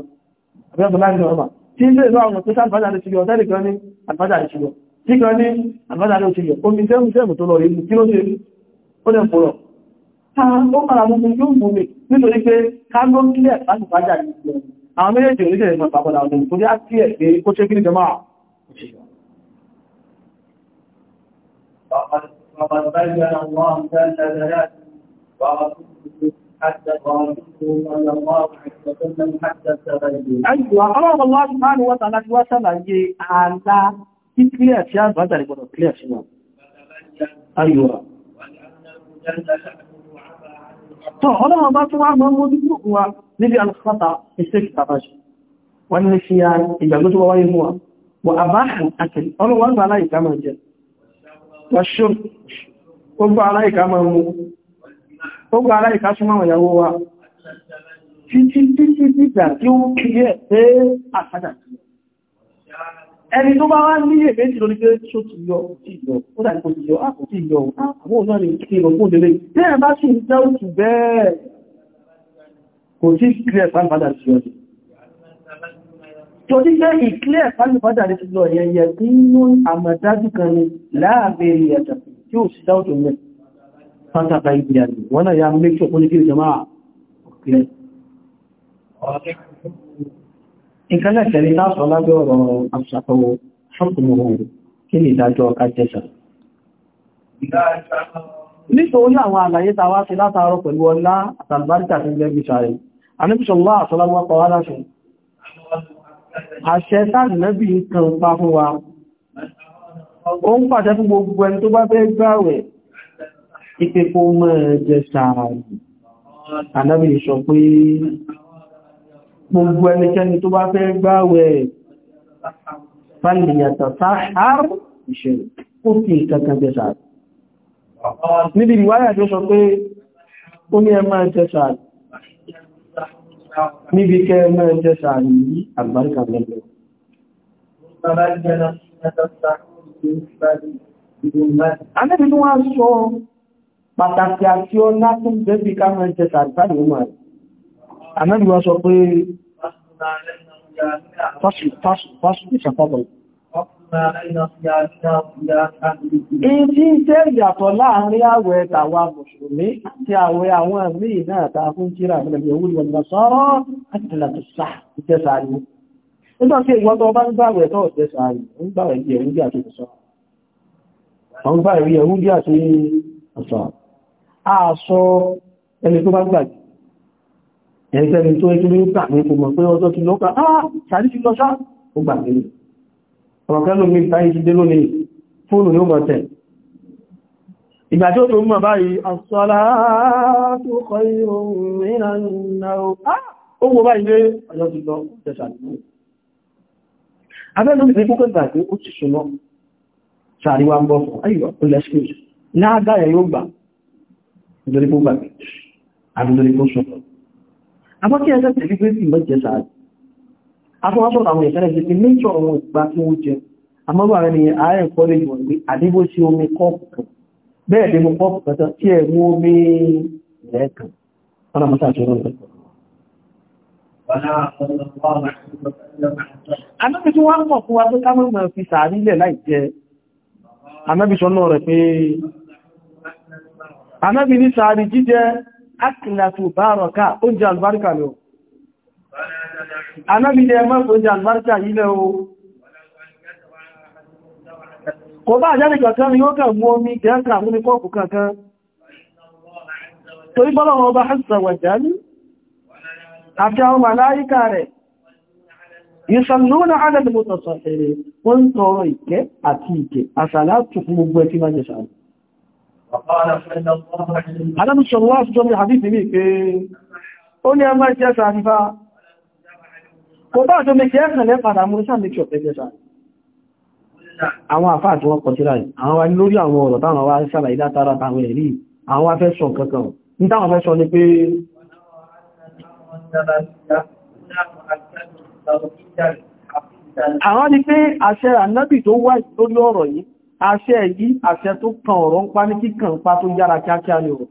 àbẹ́bọ̀ láàrín ọ̀rọ̀ kíkan ní àbádà ló ti yẹ̀ omi tẹ́mù tẹ́mù tó lọ rí kí ló ṣe ó dẹ̀ pọ̀rọ̀ ó mara mú yóò mú mi nítorí pé kágbó kílẹ̀ láti fàájà ní ìgbẹ̀ àwọn méjèèjì orílẹ̀ ìmọ̀ pàpàdà ọ̀dọ̀ tó bí á sí ẹ̀ pé ó ṣe kí ní jẹmọ́ Àìjùwà ọlọ́run Allah subhanahu wa ta'ala ti wá ṣàlàyé àlá kílẹ̀ àti àbáta lè gbọdọ̀ kílẹ̀ sí wọn ayòwà tó ọlọ́wọ́ bá tó wá mọ́ mójú gbogbo wa níbi alfata iṣẹ́ ìtàbáṣì wọ́n ní fi ya ìgbàgbó tó wáyé mú wa wà àbáhùn àti ọlọ́wọ́ gbà aláìká máa jẹ wà ṣó ó gbà aláìká máa mú ó gbà aláìká súnmọ́ títí títí títà tí ó kíyẹ̀ pé àsádà ẹni tó bá wá ní èméjì lórí pé ṣó ti yọ ti yọ ó dà kò ti yọ á kò ti yọ àwọn òun ni kí lọ fún òdélé tẹ́ẹ̀ bá sì ń tẹ́ òtù bẹ́ẹ̀ kò tí clear fan padà sí ọdún tó tí jẹ́ ìclear fan padà ti lọ yẹn yẹ nínú àmọ̀dájú kan ni láàbẹ̀rẹ̀ ẹ̀dà nǹkan lẹ́sẹ̀ ní láàsọ lábẹ́ ọ̀rọ̀ àṣàkọwò ṣọ́kùnmọ̀ kí ni ìdájọ́ kájẹ́sà nítorí àwọn àlàyé tàwá sí látàárọ̀ pẹ̀lú ọlá àtàlbáríkà tí lẹ́gbì sáré anípìṣọ́lá àṣọ́lágbà pàwà láṣùn àṣẹ sáàrì lẹ́bì kan pa fún wa ó ń pàṣẹ fún gbogbo ẹni tó bá gbogbo ẹnikẹ́ni tó bá fẹ́ gbáwẹ̀ fàlìyàtà sáhàr ìṣẹ̀lẹ̀ ó fi kankan jẹ sàárì níbi ìwáyà tó sọ pé ó ní ẹmà jẹ sàárì níbi kẹ ẹmà jẹ sàárì yìí àgbáríkà mẹ́lẹ̀ Anẹ́bí ni sọ pàtàkì àti ọlá tó ń ká mọ́ jẹ sàárì sáàrì ó máa. Anẹ́bí sọ pé فصل فصل فصل تفضل Ìjí jẹ́ ìyàtọ̀ láàrin àwẹ̀ tàwa Mùsùlùmí àti àwẹ̀ àwọn ẹ̀mí náà ta fún kíra ìrìnlẹ̀ ìwú ìwọ̀n ìwọ̀n sọ́rọ̀ àti ìlàtọ̀ sáà ìjẹsàárì. Nígbà tí ìwọ́n tó bá ń gbàwẹ̀ tó ìjẹsàárì, ń gbàwẹ̀ bí ẹ̀rú bí àti ìsọ́rọ̀. Àwọn gbàwẹ̀ bí ẹ̀rú bí àti ìsọ́rọ̀ ẹgbẹ́ni tó ẹjú ní ìgbà ní kò mọ̀ pé ọjọ́ ti lọ́kà áà ah, sàrí ti lọ́ṣá ó gbà nílé ọ̀kẹ́lù mi sáyé ti dé lónìí fóònù ní ó mọ̀ tẹ̀ ìgbà tí ó tó mọ̀ báyìí asọ́lá tó kọ́ ìròyìn ìrànlọ́wọ́ Àbúdórí kó ṣọ̀pọ̀ àmọ́ kí ẹjọ́ tẹ̀lé pé sì mọ́jẹ sáàdì afọwọ́sọ̀rọ̀ àwọn ìṣẹ́lẹ̀ sí pé méjọ àwọn ìgbà tí ó jẹ àmọ́bà rẹ̀ ni ààrẹ kọ́lé ìwọ̀n pé àdébó sí omi kọ́ọ̀pù kan bẹ́ẹ̀ dé mo kọ́ọ̀pù kan tán tí ẹ̀ mú omi lẹ́ẹ̀kan ọ̀nà mọ́ta àti ọ̀rọ̀ rẹ̀ Anábi tí wọ́n mọ̀ fún wa pé káwọn mọ̀ fi sàárì lẹ̀ láì jẹ. Anábi sọ náà rẹ̀ pé, Anábi ní sàárì jíjẹ akìlàtù bárọ̀ká oúnjẹ albarka lọ anábìdẹ mọ́ oúnjẹ albarka ilẹ̀ o kò bá àjáde kankan ni ó kàn mú omi gẹ́ẹ̀kà mú ní kọ́ọ̀kù kankan torí bọ́lọ̀wọ́ bá hasa wàjálú àti àwọn màláíkà rẹ̀ yìsànlónà alẹ́lẹ́mọ́tọ̀sọ̀ ẹ̀rẹ̀ wọ́n tọrọ ìkẹ́ àti ìkẹ́ àsàlátù fún gbogbo ẹ̀ tí máa jẹ́ sàárù Adámùsọ̀rọ̀ wá ṣùgbọ́n ní àdífì ní pé ó ní ọmọ ìjẹ́ sàrífà. Kò bá tó mẹ́kẹ́ ẹ̀kànlẹ́ padà mú sàmìkì ọ̀pẹ́ jẹ́ sàrí. Àwọn àfáà tí wọ́n kọ̀ síra yìí, àwọn wá lórí àwọn ọ̀rọ̀ táwọn wá sára ìdátara táwọn ẹ̀rí, àwọn wá fẹ́ sọ kankan. Ní táwọn fẹ́ sọ ni pé àwọn ni pé àṣẹ ànábì tó wà lórí àṣẹ yìí àṣẹ tó kan ọ̀rọ̀ ń pa ní kíkàn pa tó yára kíákíá ní ọ̀rọ̀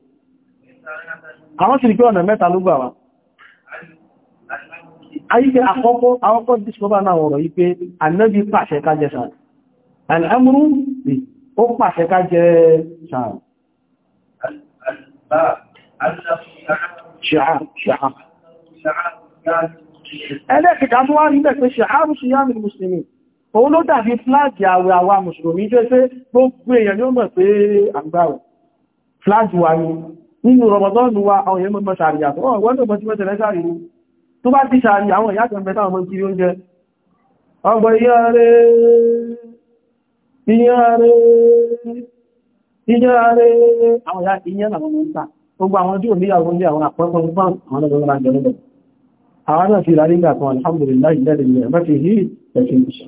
àwọn sì rí pé ọ̀nà mẹ́ta ló gbà wá ayíkẹ́ àkọ́kọ́ àkọ́kọ́ pàṣẹ jẹ pàṣẹ jẹ ẹlẹ́kìtà tó òun ló dàbí fláàgì àwẹ̀ àwa mùsùlùmí jẹ́ pé gbogbo èèyàn yóò mọ̀ pé àgbàwẹ̀ fláàgì wa ni nínú rọmọdọ́nù wa àwọn èèyàn mọ̀ sàárì àtọ́ wọ́n tó mọ̀ tí wọ́n tẹ̀lé sàárì ni tó bá ti sàárì àwọn ìyá kan bẹ̀ta ọmọ kiri oúnjẹ ọgbọ̀ iyáre iyáre iyáre àwọn ìyá iyán làwọn mọ̀ ń ta gbogbo àwọn tí ò níyàwó ní àwọn àpọ́pọ́ àwọn ọmọ ìlànà àwọn náà ti rárí nígbà kan alhamdulillah ìlẹ́dẹ̀ẹ́ mẹ́fì yìí ẹ̀fì ìṣẹ́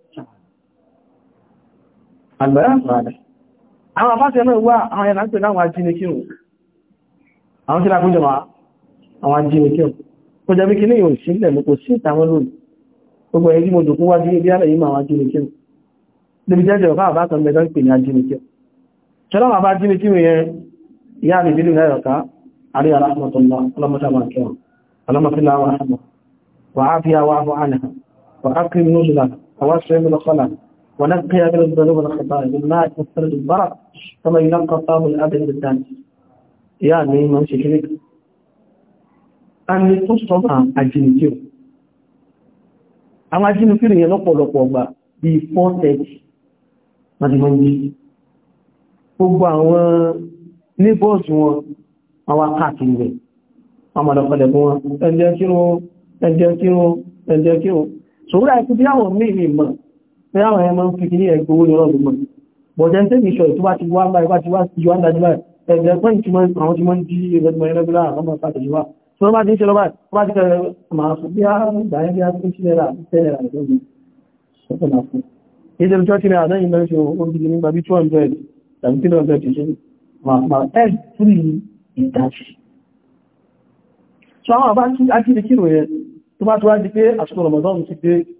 àgbàrá àpàdà àwọn afáṣẹ́ náà wá àwọn ẹ̀nà pẹ̀lú àwọn ajínikírùn àwọn sílá kújọ máa àwọn ajínikírùn kò jẹ́ bí kí ní ìwò ìṣílẹ̀ mú kò sí ìtàwọn lónìí gbogbo ẹ̀yí mo dùkú wájú ibi alẹ́ yìí àwọn ajínikírùn níbi jẹ́ jẹ́ ọ̀ká àbá kan mẹ́jọ́ pè ní ajínikírùn ṣọ́lá àwọn ajínikírùn yẹn ìyá mi bínú náà yọ̀ká àríyá aláhàmọ̀tọ́lá ọlọ́mọdé àwọn akẹ́wọ̀n ọlọ́mọfílà àwọn àhàmọ̀ wà á fi àwọn ونقي من الذنوب والخطايا بالماء والثلج البرد كما ينقى الطعام الابن بالدم يعني ما شي كده ẹni tó sọ máa àjìnìkìrò àwọn àjìnìkìrò yẹn lọ́pọ̀lọpọ̀ ọgbà bíi 430 mọ́dínmọ́dí gbogbo àwọn níbọ̀ọ̀sù wọn àwọn akáàkiri rẹ̀ wọ́n mọ̀ lọ́pọ̀lẹ̀ fún wọn ẹjẹ́ kírun ẹjẹ́ kírun ẹjẹ́ kírun sòwúrà ikú bí àwọn míì mọ̀ pé àwọn ẹmọ ń fi kiri ẹgbówó ní ọlọ́dún mọ̀ bọ̀jẹ́ ń tẹ́bí ṣọ ìtúwá ti wá báyìí ti wá ju wá dájú báyìí ẹgbẹ́ pẹ́ ìtumọ̀ àwọn tí wọ́n ń di ẹgbẹ̀gbẹ̀ ẹlẹ́gbẹ̀lá àwọn ọmọ pàtàkì wá tí wọ́n bá ti ń ṣe lọ́bàá tó bá ti kẹrẹ máa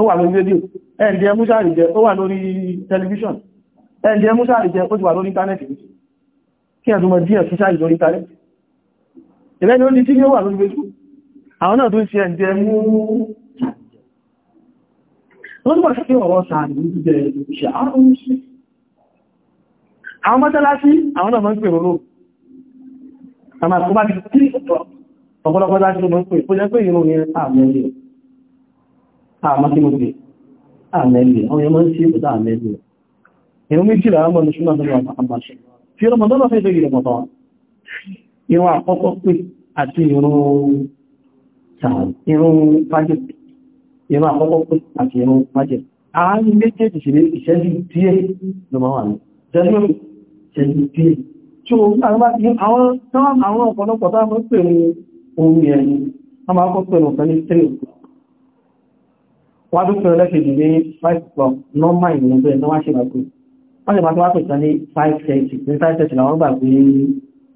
ó wà lórí rédíò ẹ̀ǹdẹ̀ múṣàrì jẹ́ ó wà lórí tẹlifíṣọ̀n ẹ̀ǹdẹ̀ múṣàrì jẹ́ ó ti wà lórí íńtánẹ́ẹ̀tì kí ẹ̀dùnmọ̀ díẹ̀ múṣàrì lórí íńtánẹ́ẹ̀tì ìrẹ́ni ó ní tí ó wà lórí Facebook àwọn náà tó ń ṣe ẹ̀ǹdẹ̀ mú àwọn mọ́tálásí àwọn náà mọ́ ń pè rọrọ àmàkùnbá ti tí ọ̀pọ̀lọpọ̀ láti lọ mọ́ ń pè fún jẹ́ pé ìròyìn àmì ẹ̀yẹ àmọ́ kí mo pè àmẹ́lẹ̀ àwọn ẹmọ́ sí ìpòtà àmẹ́lẹ̀ ẹ̀rùn méjì lára mọ́ lọ́ṣùnà tó wà àmàṣẹ́ fi ọmọ tó lọ́fẹ́ tó yìí mọ̀tọ́ ìrun àkọ́kọ́ pé àti ìrun fájẹ̀ ìrun àkọ́kọ́ pé àti ìrun fájẹ̀ àárín méjèèjì sí ìṣẹ́jú díẹ̀ ló máa wà ní ìṣẹ́jú díẹ̀ tí àwọn ọ̀pọ̀lọpọ̀ tá a mọ́ wá tó fẹ́ lẹ́kẹ̀ẹ́jì ní 5 normal ìrìnàjò ẹ̀nà wáṣẹ́ bá wọ́n lè máa tó wá pè ní 5:30 ní 5:30 làwọn gbà pé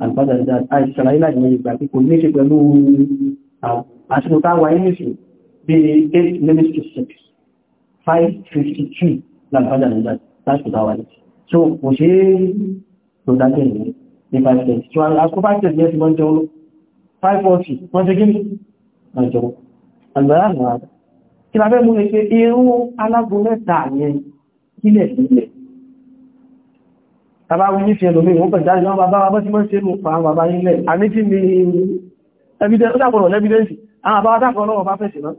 àlùbádà àìṣàlàyé láti mọ̀ ìgbà pé ní ṣe pẹ̀lú àṣìkò táwà ẹ̀mìsì bí 8 minutes to 6 5:52 làlùbádà láṣìkò táwà ẹ̀mìsì so kí la fẹ́ mú ní pé irú alágun mẹ́ta yẹn kílẹ̀ sílẹ̀ tàbá wí ní fi ẹlòmí wọ́n pẹ̀lú àwọn bàbá wa bọ́ sí mọ́ sí mú pa àwọn bàbá ilẹ̀ àní kí ni evidence àwọn bàbá dákọ̀ lọ́wọ́ bá fẹ́sì náà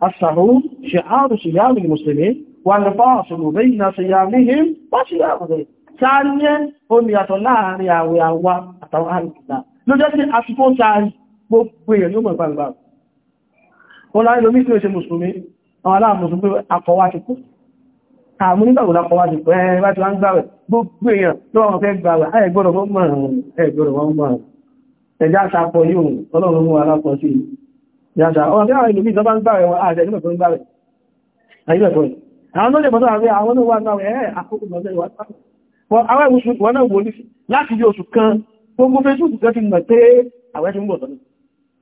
bá fẹ́sì شعار صيام المسلمين والفاصل بين صيامهم وصيام غيرهم ثانيا هم يا ويا ويا لو جاءت أسفو ثاني gbogbo èèyàn yóò mọ̀ gbangba wọn láyé lómi tí ó ṣe mùsùlùmí àwọn aláàmùsùn pé akọwà ti kú àmú nígbàgbò lápọwà ti pẹ́ bá ti wá ń gbàwẹ̀ gbogbo èèyàn tó wọ́n fẹ́ gbàwẹ̀ ẹgbọ́dọ̀ wọ́n mọ̀ ẹgbọ́dọ̀ wọ́n mọ̀ ẹjá sapọ̀ yóò ọlọ́run mú alápọ̀ sí yàtà ọ̀rọ̀ tí àwọn ìlúmí ìjọba ń gbàwẹ̀ wọn àti ẹgbẹ̀kọ́ ń gbàwẹ̀ àwọn tó lè bọ́tọ̀ àwọn àwọn náà wà náà ẹ̀ àkókò lọ́jọ́ ìwà àwọn ìwòsùn wọn náà wò láti bí oṣù kan gbogbo fẹ́ sùn kan ti mọ̀ pé àwẹ́ ti ń bọ̀ sọ́nà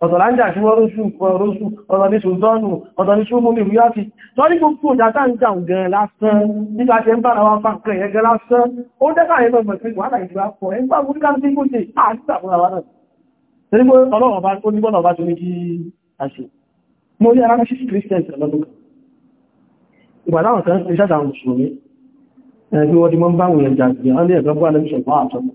ọ̀tọ̀láńdà sí wọ́rọ́sù ọ̀rọ́sù ọ̀tọ̀ní ṣùgbọ́nù ọ̀tọ̀ní ṣùgbọ́n mi wúyá ti tọ́ ní gbogbo ìjàtà ń jà ǹgan lásán nígbà tí ẹ ń bára wá pàkẹ́ ẹgẹ́ lásán ó dẹ́kà ẹgbẹ́ mọ̀sí wàhálà ìjọba pọ̀ ẹgbà mú ká sí kóṣe àtìsàkúnra wa náà torí pé ọlọ́run bá ó ní bọ́nà bá tó ní kí a ṣe mo rí ara ṣíṣì christians lọ́dún kan ìgbà táwọn kan ṣe ṣáṣà mùsùlùmí ẹgbẹ́ wọ́n ti mọ́ ń báwọn èèyàn jà sí àwọn ilé ẹ̀gbọ́n bọ́ àlẹ́ ìṣẹ̀gbọ́n àtọ́mọ́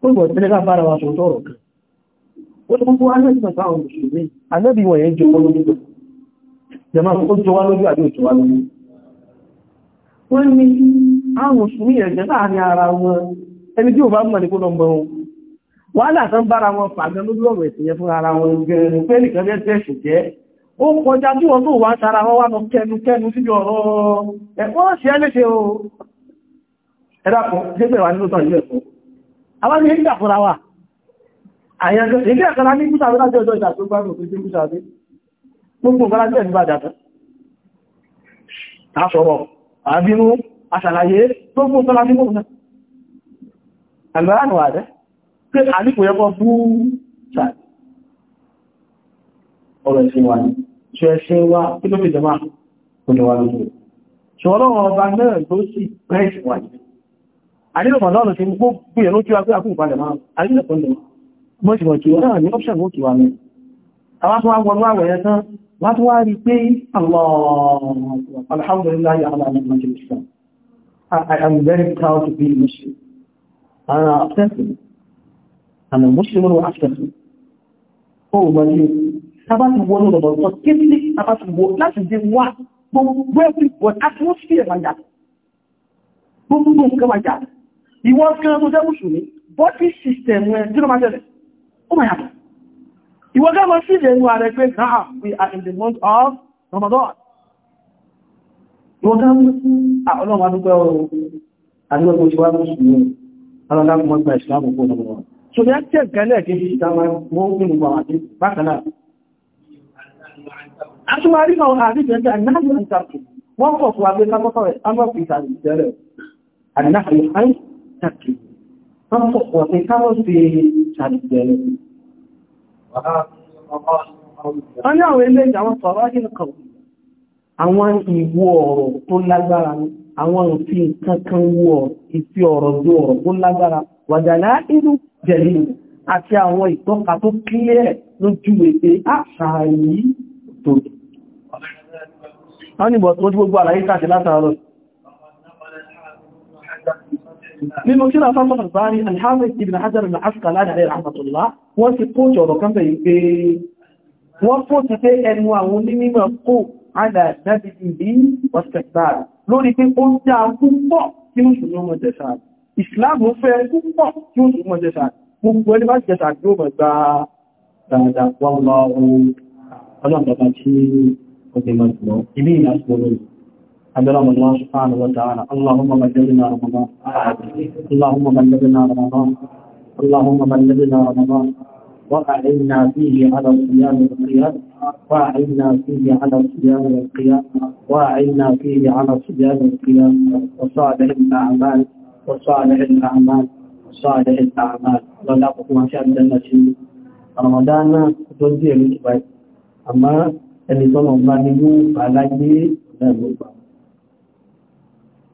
gbogbo ìpínlẹ̀ bá bára wa sọ̀tọ̀ ọ̀rọ̀ kan ó tó gbogbo alẹ́sì mẹ́ta àwọn òṣèré alẹ́bí wọ̀nyẹn jẹ́ ọmọ lójú jẹma ó jọ wá lójú àbí òjò wá lójú wọ́n ní àwọn òṣèré ẹ̀jẹ̀ láàrin ara wọn ẹni tí ò bá mọ̀ ní kó lọ́mọ wọn wàhálà kan bára wọn fàgán lójú ọ̀rọ̀ ẹ̀sìn yẹn fún ara wọn gẹ̀rẹ̀ pé nìkan bẹ́ẹ̀ tẹ̀sù jẹ́ ó kọjá tí wọn tó wá sára nínú tàn ilé ẹ̀kọ́ àwọn ní ìgbà fúnra wà ilé ẹ̀kọ́lá ní gúúsà lọ́jọ́ ọjọ́ ìjà tó gbárùn òfin tí gúúsà dé gbogbo bára jẹ́ ìgbà dàtọ́ aṣọ́rọ̀ àbínú aṣàlàyé gbogbo tọ́lá ní gbogbo alìbáranù ààrẹ pé àníkò yẹ́kọ́ fún sàárì ọ̀rọ̀ ìsìn wa ní ṣe ẹ̀ṣẹ́ wa kí ló fi jẹ máa kò ní wa lójú ṣọ́rọ̀ ọba náà ló sì pẹ́ ìwà yìí àdínú mọ̀lọ́rùn ti gbogbo ìyẹn ló kí wá pé àkùn ìpalẹ̀ máa àrílẹ̀ pọ̀lẹ̀ mọ́ ìwọ̀n kí wọ́n náà ní ọ́pṣẹ̀ mọ́ kí wá mẹ́ àwọn tó wá wọnú àwẹ̀ yẹn tán wá tó wá rí I am very proud to be a Muslim. I'm obsessed. I'm a Muslim who obsessed. Oh, my dear. Sábà ti wọ́n lọ́dọ̀ sọ kéfìlì sábà ti wọ́n láti dé wá gbogbo everybody atmosphere wájá. Gbogbo nǹkan wájá ìwọ́n kan tó jẹ́ mùsùlùmí body system rẹ̀ tí ló máa jẹ́lẹ̀ ó máa yàtọ̀ ìwọ́n gẹ́mọ̀ sí ìrẹ̀nú ààrẹ pé náà we are in the month of Ramadan ìwọ́n gẹ́mọ̀ sí ah, ọlọ́run adúgbẹ́ ọ̀rọ̀ adúgbẹ́ òṣìwá mùsùlùmí alọ́gbẹ́ mọ́gbà ìsìlámù fún ọmọ so ní a tẹ́ gẹ́lẹ̀ kí i dámà mọ́ nínú àwọn àti bákanáà a tún wá rí àwọn àríjẹ́ ẹgbẹ́ àìnáàrí ìtàkì wọ́n pọ̀ fún agbẹ́ sápọ́kọ̀ rẹ̀ tàbí wọ́n sọ̀pọ̀ ní káwọ́ sí ṣàdìbẹ̀rẹ̀. Wọ́n ní àwọn ilé ìjàwọn sọ̀rọ̀ ní kàwù. Àwọn ìwú ọ̀rọ̀ tó lágbára ní, àwọn òfin kankan wú ọ̀rọ̀, ìfi ọ̀rọ̀ dó ọ̀rọ̀ tó lágbára, wàjàlá inú jẹ̀lì àti àwọn ìtọ́ka tó kílẹ̀ lójú èdè àṣàyí tó. Wọ́n ní bọ̀ tó gbogbo àlàyé tàbí látàrọ̀ nínú ṣíra fásitì bá ní alhafiz ibn hajar al-asqalani alayhi rahmatullah wọ́n ti kó jọ̀rọ̀ kan bẹ̀yìn pé wọ́n kó ti pé ẹnu àwọn onímọ̀ kó alàdábì ìbí wọ́sẹ̀tàr lórí pé ó dá púpọ̀ tí ó ṣùgbọ́n mọ̀ jẹ́sà ìsìláàmù fẹ́ púpọ̀ tí ó ṣùgbọ́n jẹ́sà gbogbo ẹni bá jẹ́sà أدرم الله سبحانه وتعالى اللهم بلغنا رمضان اللهم بلغنا رمضان اللهم بلغنا رمضان وأعنا فيه على الصيام والقيام وأعنا فيه على الصيام والقيام وأعنا فيه على الصيام والقيام وصالح الأعمال وصالح الأعمال وصالح الأعمال ولا أقوم شأن النسيم رمضان تنزيل الكبير أما اللي طلب منه فلا يجب أن يبقى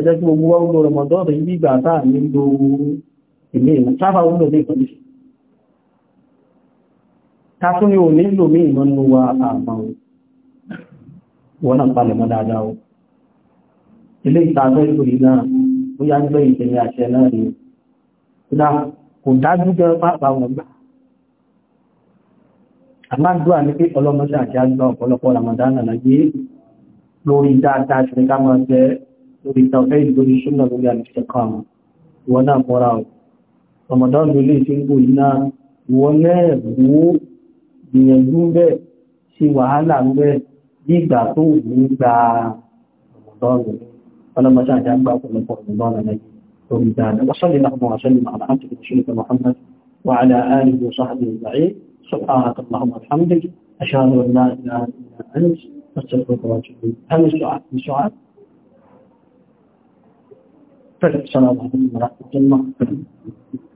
ẹjẹ́ tí gbogbo wọ́n lọ rọmọdọ́rọ̀ yìí gbà táà ní lo ilé ìmọ̀ sáfà wọ́n lọ ní ìkọ̀lẹ̀ tàtún ni ò nílò mí ìmọ̀ nínú wa àmà wọ́n náà palẹ̀ mọ́ dáadáa o ilé ìtàfẹ́ ìròyìn náà ó yá gbé ìpínlẹ̀ àṣẹ náà ni ní pé ọlọ́mọṣẹ́ àti àjọ ọ̀pọ̀lọpọ̀ ramadana láyé lórí dáadáa ṣe ká máa jẹ́ lórí tawhid lórí súnà lórí al-istiqama wọn náà mọ́ra ọ̀ Ramadan lè ṣe ń gbò iná wọn náà wó gbìyànjú bẹ́ ṣe wàhálà bẹ́ nígbà tó wù ú gba Ramadan ọlọ́mọṣẹ́ àjá gbà ọ̀pọ̀lọpọ̀ Ramadan rẹ̀ lórí dáadáa wọ́n sọ́lé náà wọ́n sọ́lé màá láti fi ṣe ìfẹ́ Muhammad وعلى آله وصحبه أجمعين سبحانك اللهم وبحمدك أشهد أن لا إله إلا أنت أستغفرك وأتوب إليك هل السؤال؟ السؤال السلام عليكم ورحمة الله